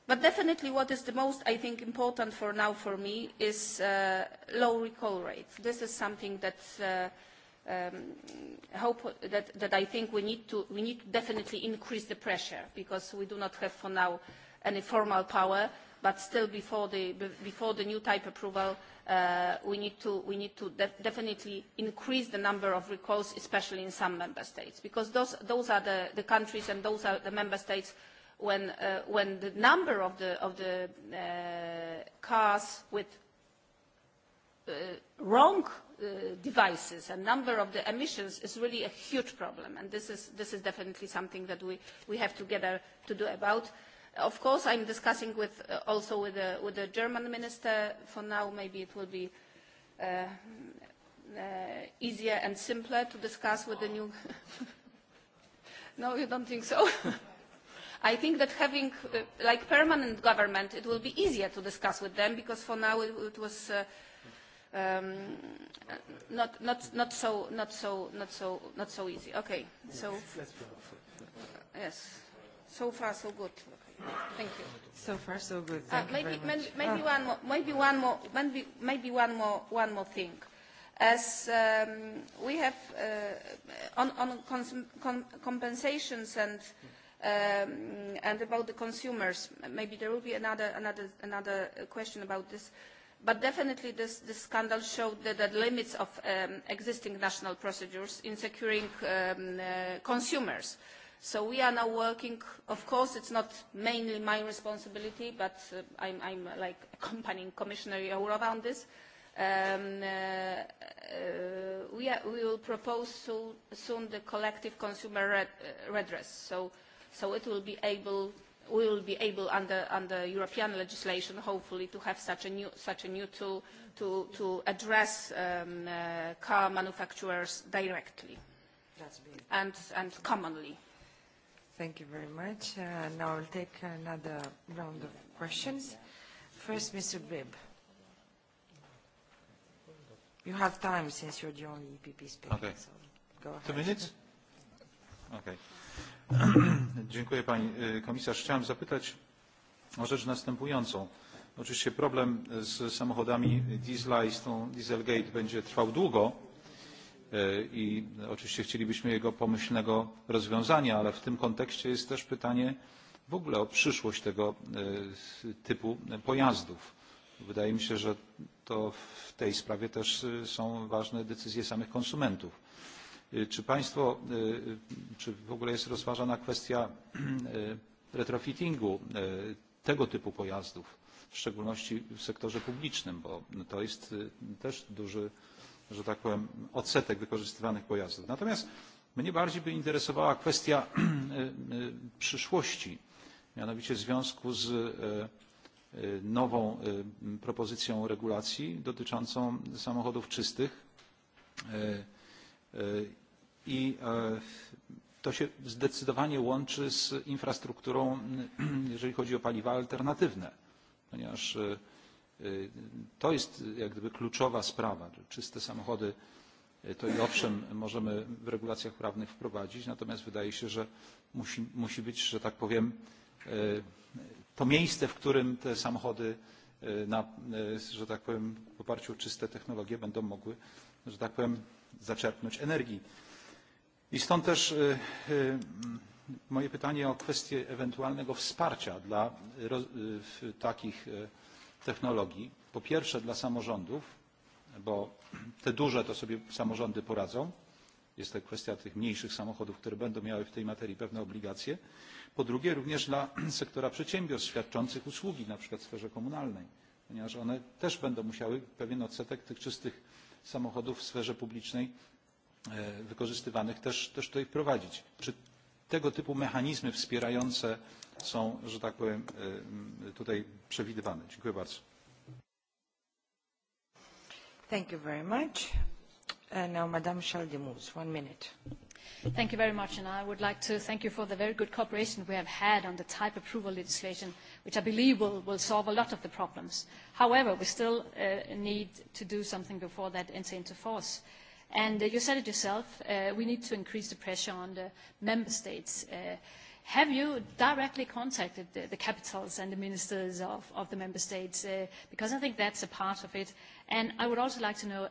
But definitely what is the most, I think, important for now for me is uh, low recall rate. This is something that, uh, um, hope that, that I think we need, to, we need to definitely increase the pressure because we do not have for now any formal power, but still before the, before the new type approval, uh, we need to, we need to def definitely increase the number of recalls, especially in some member states, because those, those are the, the countries and those are the member states when, uh, when the number of the, of the uh, cars with uh, wrong uh, devices and number of the emissions is really a huge problem. And this is, this is definitely something that we, we have together to do about. Of course, I'm discussing with, uh, also with the, with the German minister. For now, maybe it will be uh, uh, easier and simpler to discuss with the new... no, you don't think so? I think that having uh, like permanent government, it will be easier to discuss with them because for now it, it was uh, um, not, not, not, so, not, so, not, so, not so easy. Okay, so yes. yes, so far so good. Okay. Thank you. So far so good. Ah, Thank uh, maybe, you very much. maybe, maybe oh. one more, maybe one more, maybe, maybe one more, one more thing. As um, we have uh, on, on cons com compensations and. Mm um, and about the consumers. Maybe there will be another, another, another question about this. But definitely this, this scandal showed the, the limits of um, existing national procedures in securing um, uh, consumers. So we are now working, of course it's not mainly my responsibility, but uh, I'm, I'm like accompanying Commissioner Jourova on this. Um, uh, uh, we, are, we will propose so, soon the collective consumer red, uh, redress. So uh, So it will be able, we will be able under, under European legislation, hopefully, to have such a new, such a new tool to, to address um, uh, car manufacturers directly and, and commonly. Thank you very much. Uh, now I'll take another round of questions. First, Mr. Bibb. You have time since you're the only EPP speaker, okay. so go ahead. Two minutes? Okay. Dziękuję Pani Komisarz. Chciałem zapytać o rzecz następującą. Oczywiście problem z samochodami diesla i z tą Dieselgate będzie trwał długo i oczywiście chcielibyśmy jego pomyślnego rozwiązania, ale w tym kontekście jest też pytanie w ogóle o przyszłość tego typu pojazdów. Wydaje mi się, że to w tej sprawie też są ważne decyzje samych konsumentów Czy państwo, czy w ogóle jest rozważana kwestia retrofittingu tego typu pojazdów, w szczególności w sektorze publicznym, bo to jest też duży, że tak powiem, odsetek wykorzystywanych pojazdów. Natomiast mnie bardziej by interesowała kwestia przyszłości, mianowicie w związku z nową propozycją regulacji dotyczącą samochodów czystych I e, to się zdecydowanie łączy z infrastrukturą, jeżeli chodzi o paliwa alternatywne, ponieważ e, to jest jak gdyby kluczowa sprawa. Czyste samochody e, to i owszem możemy w regulacjach prawnych wprowadzić, natomiast wydaje się, że musi, musi być, że tak powiem, to miejsce, w którym te samochody na, że tak powiem, w oparciu o czyste technologie będą mogły, że tak powiem, zaczerpnąć energii. I stąd też moje pytanie o kwestię ewentualnego wsparcia dla takich technologii. Po pierwsze dla samorządów, bo te duże to sobie samorządy poradzą. Jest to kwestia tych mniejszych samochodów, które będą miały w tej materii pewne obligacje. Po drugie również dla sektora przedsiębiorstw świadczących usługi, na przykład w sferze komunalnej, ponieważ one też będą musiały pewien odsetek tych czystych samochodów w sferze publicznej e, wykorzystywanych też, też tutaj wprowadzić. Czy tego typu mechanizmy wspierające są, że tak powiem, e, tutaj przewidywane? Dziękuję bardzo. Thank you very much. And uh, now Madame Chaldemus, one minute. Thank you very much, and I would like to thank you for the very good cooperation we have had on the type approval legislation uh, which I believe will, will solve a lot of the problems. However, we still uh, need to do something before that enters into force. And uh, you said it yourself, uh, we need to increase the pressure on the member states. Uh, have you directly contacted the, the capitals and the ministers of, of the member states? Uh, because I think that's a part of it. And I would also like to know,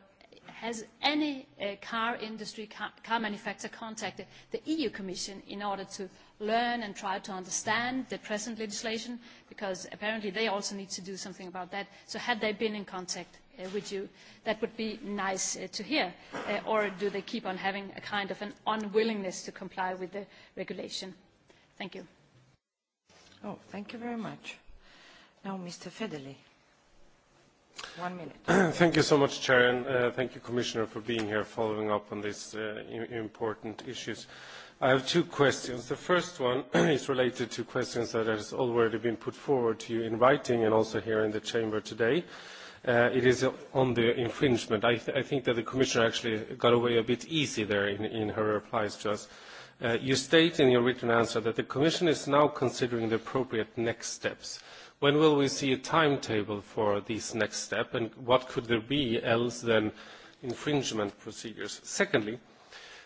has any uh, car industry, car, car manufacturer contacted the EU Commission in order to learn and try to understand the present legislation, because apparently they also need to do something about that. So had they been in contact uh, with you, that would be nice uh, to hear. Uh, or do they keep on having a kind of an unwillingness to comply with the regulation? Thank you. Oh, thank you very much. Now, Mr. Federley. One minute. thank you so much, Chair, and uh, thank you, Commissioner, for being here following up on these uh, important issues. Uh, I have two questions. The first one is related to questions that has already been put forward to you in writing and also here in the chamber today. Uh, it is on the infringement. I, th I think that the commissioner actually got away a bit easy there in, in her replies to us. Uh, you state in your written answer that the commission is now considering the appropriate next steps. When will we see a timetable for this next step, and what could there be else than infringement procedures? Secondly,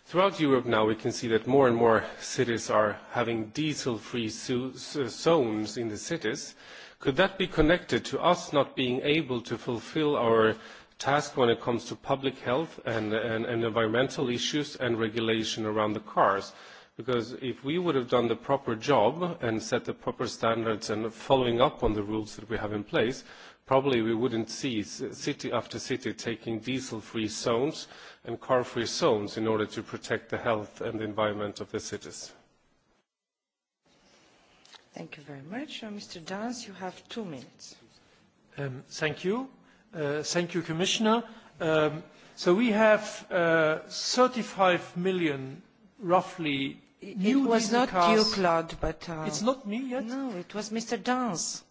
Throughout Europe now, we can see that more and more cities are having diesel-free zones in the cities. Could that be connected to us not being able to fulfill our task when it comes to public health and, and, and environmental issues and regulation around the cars? Because if we would have done the proper job and set the proper standards and following up on the rules that we have in place, probably we wouldn't see city after city taking diesel-free zones and car-free zones in order to protect the health and the environment of the cities. Thank you very much. Uh, Mr. Dance, you have two minutes. Um, thank you. Uh, thank you, Commissioner. Um, so we have uh, 35 million, roughly, new It was not cars. you, Claude, but... Uh, It's not me yet? No, it was Mr. Dance.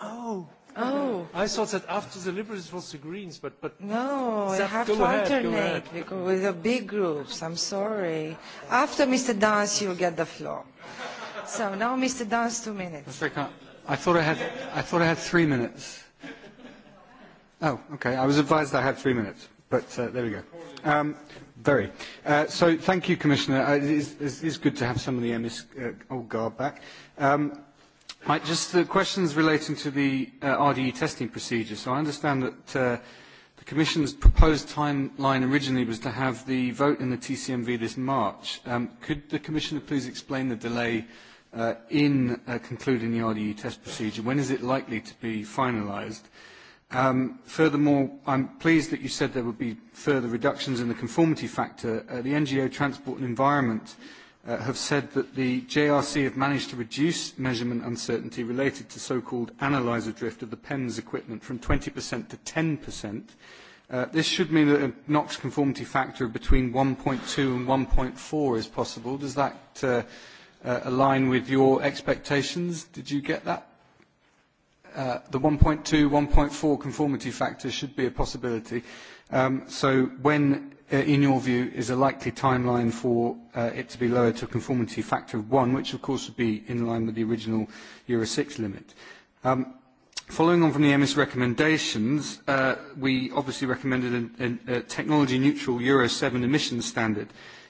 Oh, Oh. I thought that after the Liberals was the Greens, but... but no, Zap, you have to ahead, alternate because with the big groups. I'm sorry. After Mr. Dance, you'll get the floor. So now Mr. Dance, two minutes. I thought I had, I thought I had three minutes. Oh, okay. I was advised I had three minutes, but uh, there we go. Um, very. Uh, so thank you, Commissioner. Uh, it, is, it is good to have some of the MS, uh, old guard back. Um, Mike, just the questions relating to the uh, RDE testing procedure. So I understand that uh, the Commission's proposed timeline originally was to have the vote in the TCMV this March. Um, could the Commissioner please explain the delay uh, in uh, concluding the RDE test procedure? When is it likely to be finalised? Um, furthermore, I'm pleased that you said there would be further reductions in the conformity factor. Uh, the NGO Transport and Environment uh, uh, have said that the JRC have managed to reduce measurement uncertainty related to so-called analyzer drift of the PEMS equipment from 20% to 10%. Uh, this should mean that a NOx conformity factor between 1.2 and 1.4 is possible. Does that uh, uh, align with your expectations? Did you get that? Uh, the 1.2, 1.4 conformity factor should be a possibility. Um, so when Uh, in your view, is a likely timeline for uh, it to be lowered to a conformity factor of one, which of course would be in line with the original Euro 6 limit. Um, Following on from the EMIS recommendations, uh, we obviously recommended an, an, a technology-neutral Euro 7 emissions standard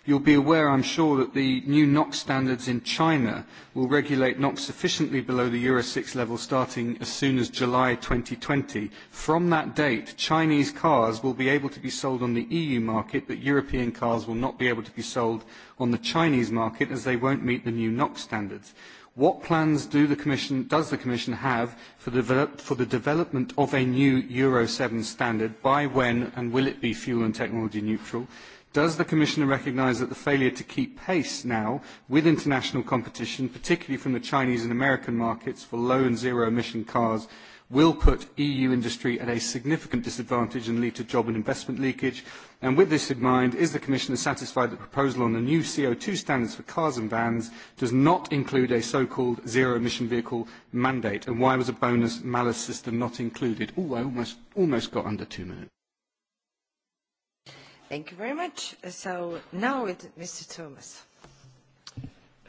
You'll be aware, I'm sure, that the new NOx standards in China will regulate NOx sufficiently below the Euro 6 level starting as soon as July 2020. From that date, Chinese cars will be able to be sold on the EU market, but European cars will not be able to be sold on the Chinese market as they won't meet the new NOx standards. What plans do the commission, does the Commission have for the, develop, for the development of a new Euro 7 standard? By when, and will it be fuel and technology neutral? Does the Commissioner recognise that the failure to keep pace now with international competition, particularly from the Chinese and American markets for low and zero emission cars, will put EU industry at a significant disadvantage and lead to job and investment leakage? And with this in mind, is the Commissioner satisfied that the proposal on the new CO2 standards for cars and vans does not include a so-called zero-emission vehicle mandate? And why was a bonus malice system not included? Oh, I almost, almost got under two minutes. Thank you very much. So now it, Mr. Thomas.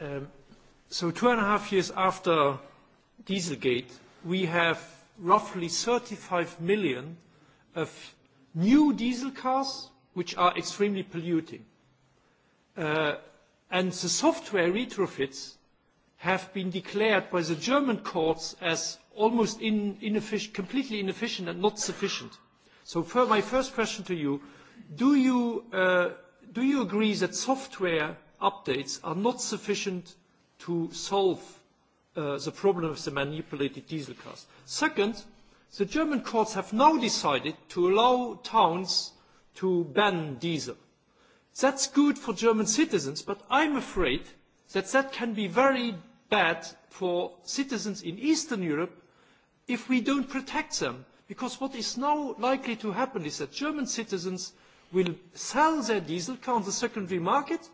Um, so two and a half years after Dieselgate, we have roughly 35 million of new diesel cars which are extremely polluting. Uh, and the software retrofits have been declared by the German courts as almost in, ineffic completely inefficient and not sufficient. So for my first question to you, do you, uh, do you agree that software updates are not sufficient to solve uh, the problem of the manipulated diesel cars? Second, the German courts have now decided to allow towns to ban diesel. That's good for German citizens, but I'm afraid that that can be very bad for citizens in Eastern Europe if we don't protect them. Because what is now likely to happen is that German citizens will sell their diesel car on the secondary market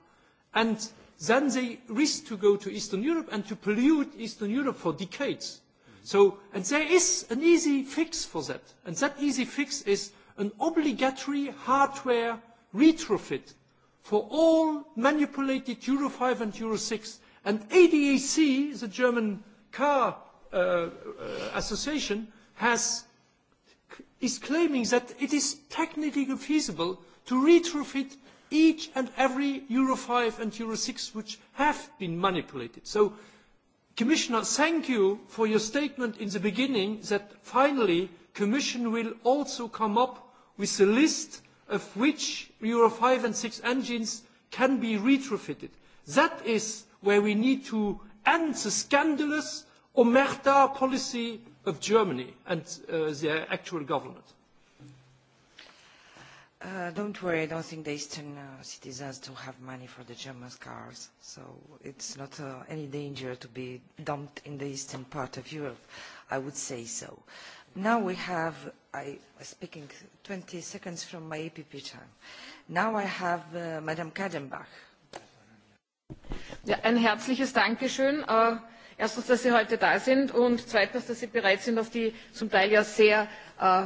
and then they risk to go to Eastern Europe and to pollute Eastern Europe for decades. So, and there is an easy fix for that. And that easy fix is an obligatory hardware retrofit for all manipulated Euro 5 and Euro 6. And ADAC, the German car uh, uh, association, has is claiming that it is technically feasible to retrofit each and every Euro 5 and Euro 6 which have been manipulated. So, Commissioner, thank you for your statement in the beginning that finally Commission will also come up with a list of which Euro 5 and 6 engines can be retrofitted. That is where we need to end the scandalous Omerta policy of Germany and uh, their actual government? Uh, don't worry, I don't think the Eastern uh, citizens don't have money for the German cars, so it's not uh, any danger to be dumped in the eastern part of Europe. I would say so. Now we have, I speaking 20 seconds from my EPP time. Now I have uh, Madame Kadenbach. Ja, ein herzliches Dankeschön. Uh, erstens, dass Sie heute da sind und zweitens, dass Sie bereit sind, auf die zum Teil ja sehr äh,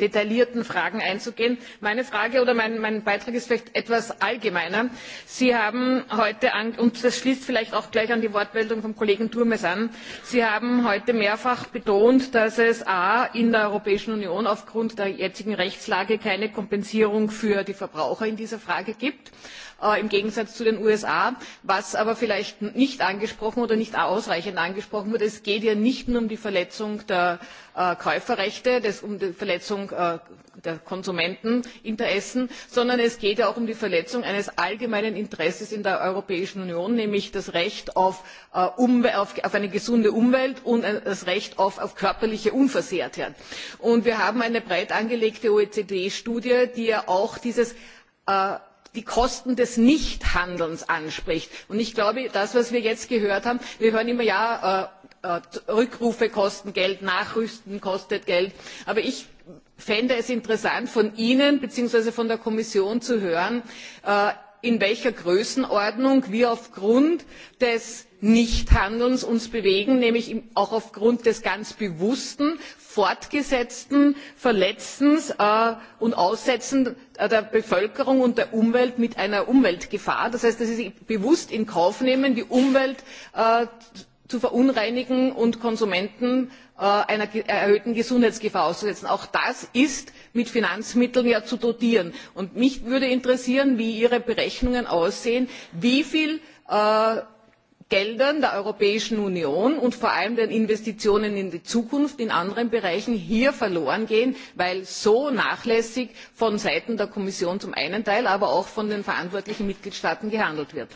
detaillierten Fragen einzugehen. Meine Frage oder mein, mein Beitrag ist vielleicht etwas allgemeiner. Sie haben heute, an, und das schließt vielleicht auch gleich an die Wortmeldung vom Kollegen Turmes an, Sie haben heute mehrfach betont, dass es A, in der Europäischen Union aufgrund der jetzigen Rechtslage keine Kompensierung für die Verbraucher in dieser Frage gibt Äh, im gegensatz zu den usa. was aber vielleicht nicht angesprochen oder nicht ausreichend angesprochen wurde es geht hier nicht nur um die verletzung der äh, käuferrechte um die verletzung äh, der konsumenteninteressen sondern es geht auch um die verletzung eines allgemeinen interesses in der europäischen union nämlich des rechts auf eine gesunde umwelt und des rechts auf körperliche unversehrtheit. wir haben eine breit angelegte oecd studie die ja auch dieses die kosten des nichthandelns anspricht. und ich glaube das was wir jetzt gehört haben wir hören immer ja äh, äh, rückrufe kosten geld nachrüsten kostet geld aber ich fände es interessant von ihnen beziehungsweise von der kommission zu hören äh, in welcher größenordnung wir aufgrund des nichthandelns uns bewegen nämlich auch aufgrund des ganz bewussten fortgesetzten verletzens äh, und aussetzens äh, der bevölkerung und der umwelt mit einer umweltgefahr das heißt dass sie bewusst in kauf nehmen die umwelt äh, zu verunreinigen und konsumenten äh, einer ge erhöhten gesundheitsgefahr auszusetzen. auch das ist mit finanzmitteln ja zu dotieren. Und mich würde interessieren wie ihre berechnungen aussehen wie viel äh, geldern der europäischen union und vor allem den investitionen in die zukunft in anderen bereichen hier verlorengehen weil so nachlässig von seiten der kommission zum einen teil aber auch von den verantwortlichen mitgliedstaaten gehandelt wird.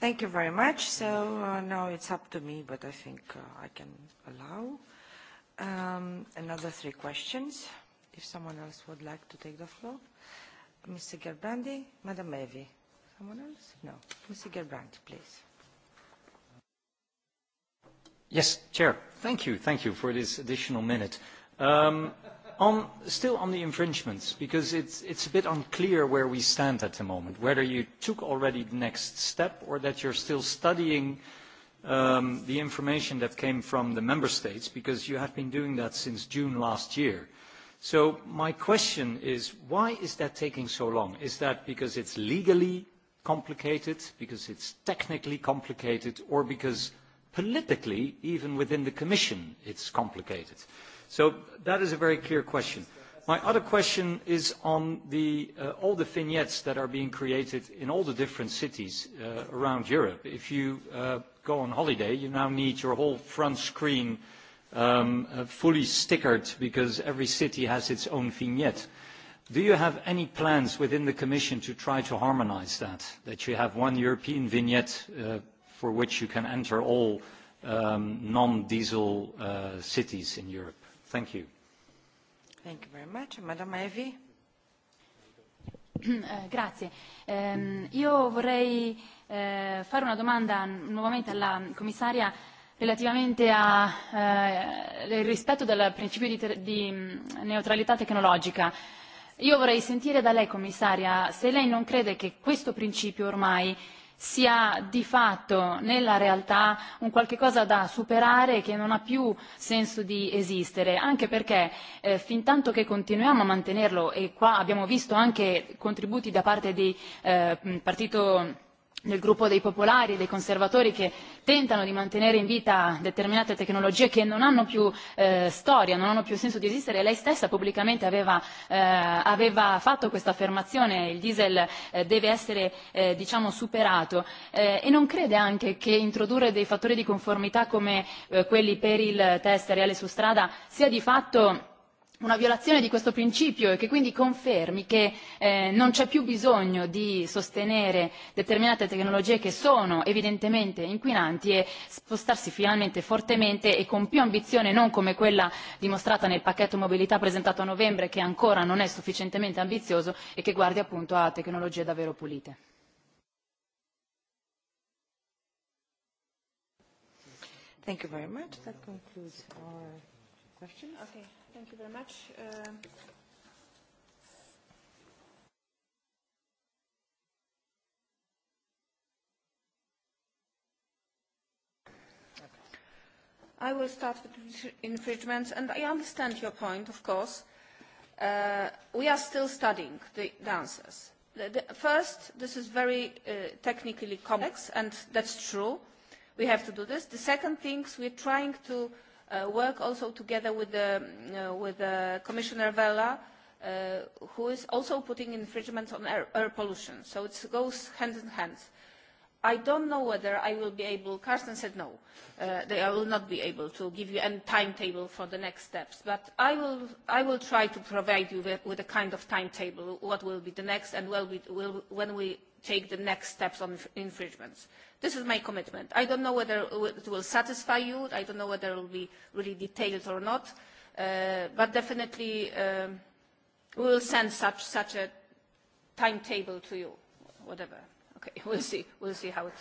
Thank you very much. So uh, now it's up to me, but I think uh, I can allow um, another three questions. If someone else would like to take the floor. Mr. Gerbrandi, Madam Evi. Someone else? No. Mr. Gerbrandi, please. Yes, Chair. Thank you. Thank you for this additional minute. Um, On, still on the infringements, because it's, it's a bit unclear where we stand at the moment, whether you took already the next step or that you're still studying um, the information that came from the member states, because you have been doing that since June last year. So my question is, why is that taking so long? Is that because it's legally complicated, because it's technically complicated, or because politically, even within the Commission, it's complicated? Uh, So that is a very clear question. My other question is on the, uh, all the vignettes that are being created in all the different cities uh, around Europe. If you uh, go on holiday, you now need your whole front screen um, uh, fully stickered because every city has its own vignette. Do you have any plans within the Commission to try to harmonize that, that you have one European vignette uh, for which you can enter all um, non-diesel uh, cities in Europe? Thank you. Thank you very much. Madam Evi. Eh, grazie. Eh, io vorrei eh, fare una domanda nuovamente alla commissaria relativamente al eh, rispetto del principio di, ter- di mm, neutralità tecnologica. Io vorrei sentire da lei, commissaria, se lei non crede che questo principio ormai eh, sia di fatto nella realtà un qualche cosa da superare che non ha più senso di esistere, anche perché eh, fin tanto che continuiamo a mantenerlo e qua abbiamo visto anche contributi da parte di eh, partito del gruppo dei popolari e dei conservatori che tentano di mantenere in vita determinate tecnologie che non hanno più eh, storia, non hanno più senso di esistere. Lei stessa pubblicamente aveva, eh, aveva fatto questa affermazione, il diesel eh, deve essere eh, diciamo superato eh, e non crede anche che introdurre dei fattori di conformità come eh, quelli per il test reale su strada sia di fatto una violazione di questo principio e che quindi confermi che eh, non c'è più bisogno di sostenere determinate tecnologie che sono evidentemente inquinanti e spostarsi finalmente fortemente e con più ambizione, non come quella dimostrata nel pacchetto mobilità presentato a novembre che ancora non è sufficientemente ambizioso e che guardi appunto a tecnologie davvero pulite. Thank you very much. That concludes our question. Okay. Thank you very much. Uh... I will start with infringements, and I understand your point, of course. Uh, we are still studying the, the answers. The, the, first, this is very uh, technically complex, and that's true. We have to do this. The second thing, we're trying to uh, uh, work also together with, the, uh, with uh, Commissioner Vella, uh, who is also putting infringements on air, air pollution. So it goes hand in hand. I don't know whether I will be able, Carsten said no, uh, they, I will not be able to give you any timetable for the next steps, but I will, I will try to provide you with, with a kind of timetable, what will be the next and will be, will, when we take the next steps on infringements. This is my commitment. I don't know whether it will satisfy you. I don't know whether it will be really detailed or not. Uh, but definitely, um, we will send such, such a timetable to you, whatever. Okay, we'll see. We'll see how it...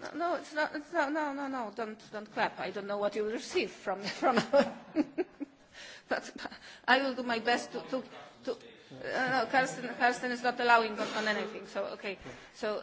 No, no, it's not, it's not, no, no, no, don't, don't clap. I don't know what you will receive from... from but, but I will do my best to... to Uh, no, Carsten, Carsten is not allowing on, on anything. So okay. So, um,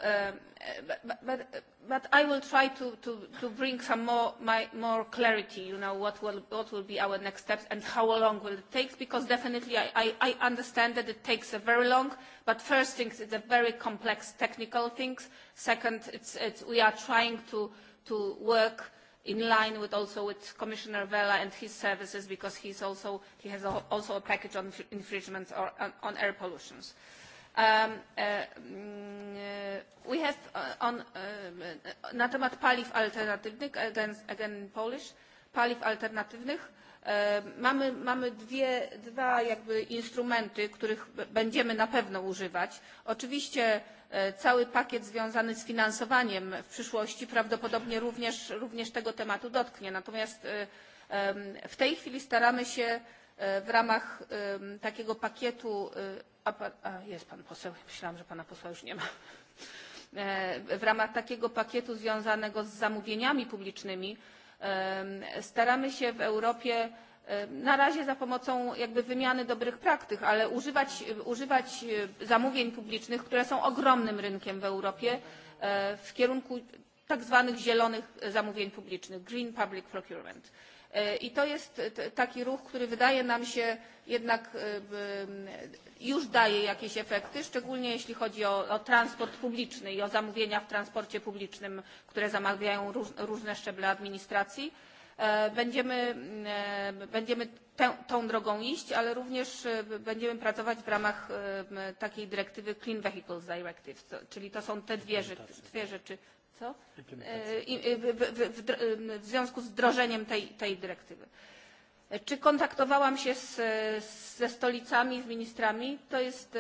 uh, but, but but I will try to to to bring some more my more clarity. You know what will what will be our next steps and how long will it take? Because definitely I I, I understand that it takes a very long. But first things, it's a very complex technical things. Second, it's it's we are trying to to work. Uh, in line with also with Commissioner Vella and his services because he's also, he has a, also a package on infringements or on, on air pollutions. Um, uh, mm, uh, we have uh, on, uh, na temat paliw alternatywnych, again, again in Polish, paliw alternatywnych, e, mamy, mamy dwie, dwa jakby instrumenty, których będziemy na pewno używać. Oczywiście E, cały pakiet związany z finansowaniem w przyszłości prawdopodobnie również, również tego tematu dotknie. Natomiast e, w tej chwili staramy się e, w ramach takiego pakietu a, pan, a jest pan poseł, myślałam, że pana posła już nie ma w ramach takiego pakietu związanego z zamówieniami publicznymi staramy się w Europie E, na razie za pomocą jakby wymiany dobrych praktyk, ale używać, używać e, zamówień publicznych, które są ogromnym rynkiem w Europie e, w kierunku tak zwanych zielonych zamówień publicznych, green public procurement. I to jest taki ruch, który wydaje nam się jednak już daje jakieś efekty, szczególnie jeśli chodzi o, o transport publiczny i o zamówienia w transporcie publicznym, które zamawiają róż, różne szczeble administracji E, będziemy, e, będziemy tę, tą drogą iść, ale również e, będziemy pracować w ramach takiej dyrektywy Clean Vehicles Directive, co, czyli to są te dwie rzeczy, dwie rzeczy co? W, w, w, w związku z wdrożeniem tej, tej dyrektywy. Czy kontaktowałam się z, ze stolicami, z ministrami? To jest,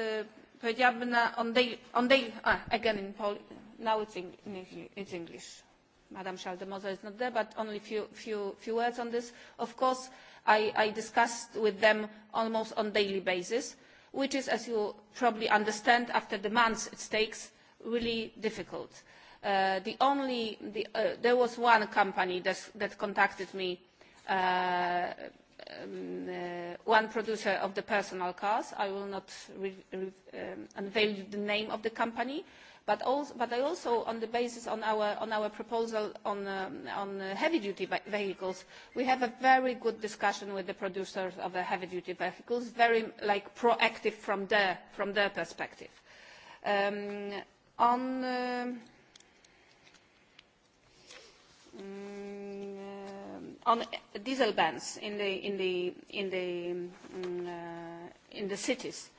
powiedziałabym, na on daily, on daily ah, again in Polish, now it's English. It's English. Madam Schaldemose is not there, but only few, few, few words on this. Of course, I, I discussed with them almost on daily basis, which is, as you probably understand, after the months it takes, really difficult. Uh, the only, the, uh, there was one company that, that contacted me, uh, um, uh, one producer of the personal cars. I will not re, re, um, unveil the name of the company. Uh, but, also, but I also, on the basis on our, on our proposal on, um, on uh, heavy-duty vehicles, we have a very good discussion with the producers of the heavy-duty vehicles, very like proactive from their, from their perspective. Um, on... Uh, um, on diesel bans in the in the in the um, uh, in the cities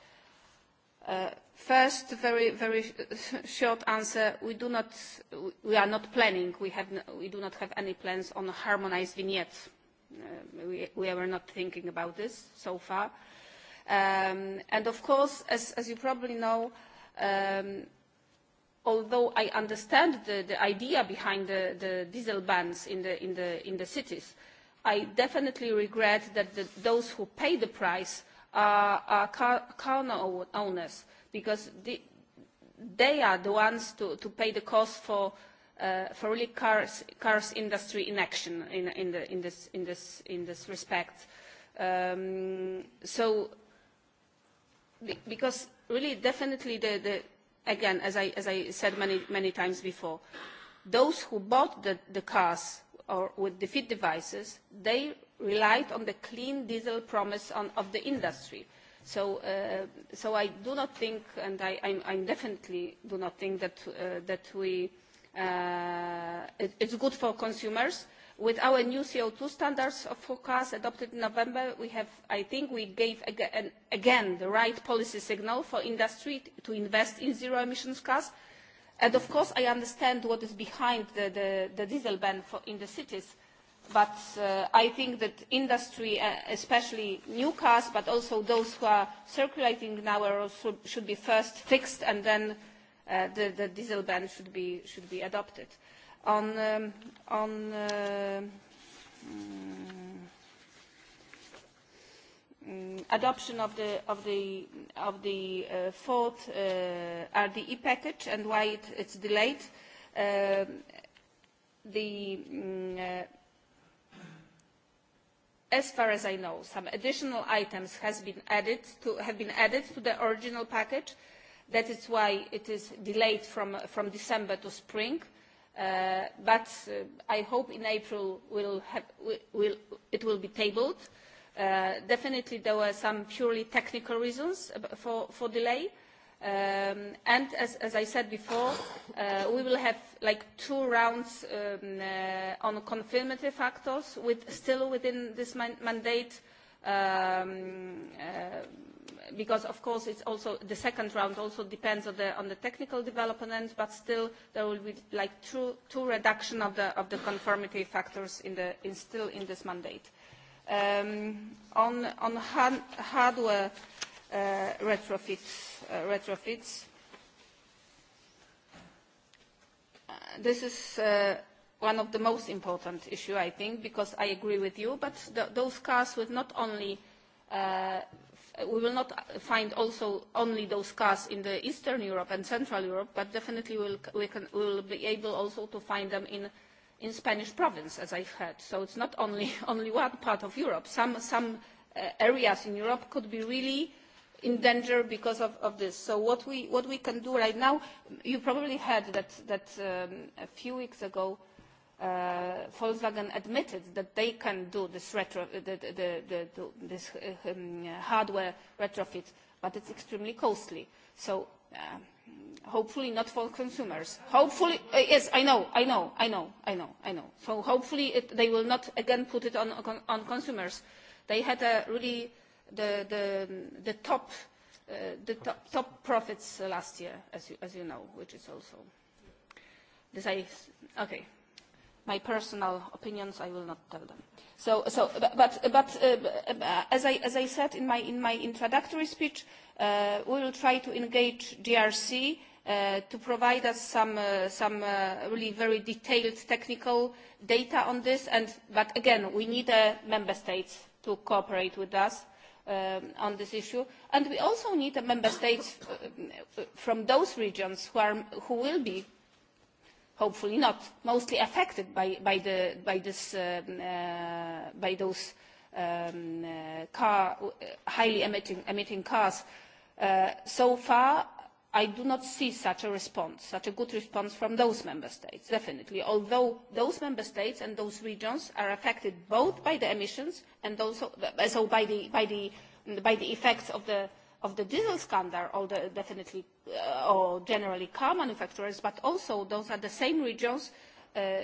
Uh, first, very, very short answer. We do not, we are not planning. We, have, we do not have any plans on harmonized vignettes. Uh, we, we were not thinking about this so far. Um, and of course, as, as you probably know, um, although I understand the, the idea behind the, the diesel bans in the, in, the, in the cities, I definitely regret that the, those who pay the price uh, are, uh, are uh, car, car owners because the, they are the ones to, to pay the cost for uh, for really cars cars industry inaction in, in, the, in this in this in this respect. Um, so because really definitely the, the again as I as I said many many times before, those who bought the, the cars or with the fit devices, they relied on the clean diesel promise on, of the industry. So, uh, so I do not think, and I, I'm, I'm definitely do not think that, uh, that we, uh, it, it's good for consumers. With our new CO2 standards of forecast adopted in November, we have, I think we gave again, again the right policy signal for industry to invest in zero emissions cars. And of course, I understand what is behind the, the, the diesel ban for, in the cities. Uh, but uh, I think that industry, uh, especially new cars, but also those who are circulating now are also, should be first fixed and then uh, the, the diesel ban should be, should be adopted. On, um, on uh, um, adoption of the, of the, of the uh, fourth uh, RDE package and why it, it's delayed, um, mm, uh, the um, uh, as far as i know some additional items been to, have been added to the original package that is why it is delayed from, from december to spring uh, but uh, i hope in april we'll have, we, we'll, it will be tabled. Uh, definitely there were some purely technical reasons for, for delay Um, and as, as I said before, uh, we will have like two rounds um, uh, on confirmatory factors with still within this man mandate um, uh, because of course it's also the second round also depends on the on the technical development but still there will be like two two reduction of the of the conformity factors in the in still in this mandate um, on on hard, hardware uh, retrofits Uh, retrofits. Uh, this is uh, one of the most important issue, I think, because I agree with you, but th those cars will not only uh, we will not find also only those cars in the Eastern Europe and Central Europe, but definitely we'll, we, can, we will be able also to find them in, in Spanish province, as I've heard. So it's not only, only one part of Europe. Some, some uh, areas in Europe could be really uh, in danger because of, of this. So what we, what we can do right now, you probably heard that, that um, a few weeks ago, uh, Volkswagen admitted that they can do this, retro, the, the, the, the, this uh, um, hardware retrofit, but it's extremely costly. So uh, hopefully not for consumers. Hopefully, uh, yes, I know, I know, I know, I know, I know. So hopefully it, they will not again put it on, on, on consumers. They had a really the, the, the top, uh, the top, top profits last year, as you, as you know, which is also this I, okay. My personal opinions, I will not tell them. So, so, but, but uh, uh, as, I, as I said in my, in my introductory speech, uh, we will try to engage GRC uh, to provide us some, uh, some uh, really very detailed technical data on this. And, but again, we need uh, member states to cooperate with us. Uh, um, on this issue. And we also need member states uh, uh, from those regions who, are, who will be, hopefully not, mostly affected by, by, the, by, this, uh, uh, by those um, uh, car, uh, highly emitting, emitting cars. Uh, so far, I do not see such a response, such a good response from those member states, definitely, although those member states and those regions are affected both by the emissions and also uh, so by, the, by, the, by the effects of the, of the diesel scandal, or the, definitely, uh, or generally car manufacturers, but also those are the same regions uh,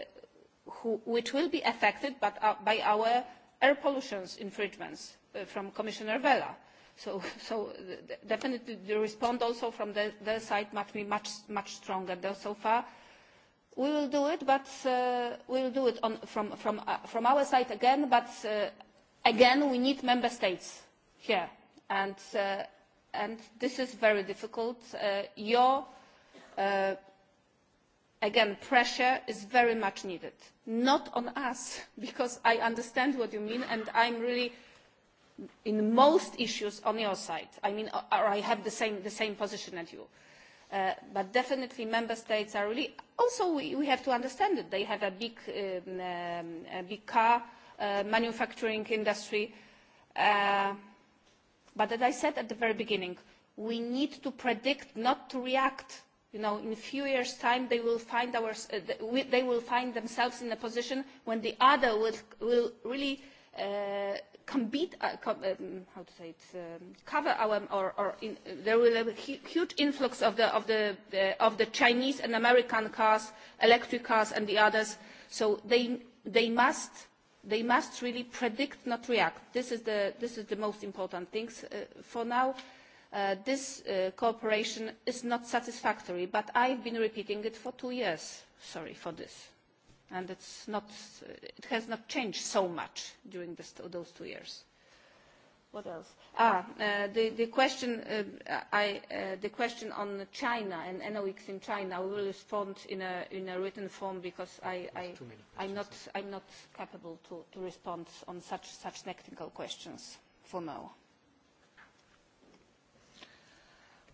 who, which will be affected but, uh, by our air pollution infringements uh, from Commissioner Vella. Uh, So, so definitely the response also from the, their side must be much, much stronger. Though so far, we will do it, but uh, we will do it on, from, from, uh, from our side again, but uh, again, we need member states here. And, uh, and this is very difficult. Uh, your, uh, again, pressure is very much needed. Not on us, because I understand what you mean, and I'm really uh, in most issues on your side. I mean, uh, or I have the same, the same position as you. Uh, but definitely member states are really, also we, we have to understand it. They have a big, um, um, a big car uh, manufacturing industry. Uh, but as I said at the very beginning, we need to predict, not to react. You know, in a few years' time, they will find, our, uh, we, they will find themselves in a position when the other will, will really uh, compete, uh, com, um, how to say it, um, cover our, or, or in, uh, there will be a hu huge influx of the, of, the, uh, of the Chinese and American cars, electric cars and the others. So they, they, must, they must really predict, not react. This is the, this is the most important thing. Uh, for now, uh, this uh, cooperation is not satisfactory, but I've been repeating it for two years. Sorry for this and it's not, it has not changed so much during this, those two years. What else? Ah, uh, the, the, question, uh, I, uh, the question on China and NOx in China, we will respond in a, in a written form because I, I, I'm, not, I'm not capable to, to respond on such, such technical questions for now.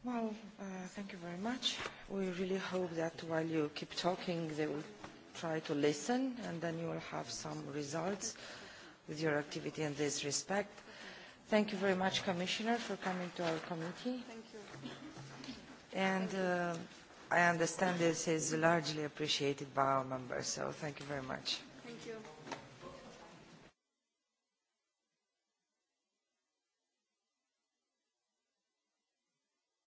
Well, uh, thank you very much. We really hope that while you keep talking, they will try to listen, and then you will have some results with your activity in this respect. Thank you very much, Commissioner, for coming to our committee. Thank you. And uh, I understand this is largely appreciated by our members, so thank you very much.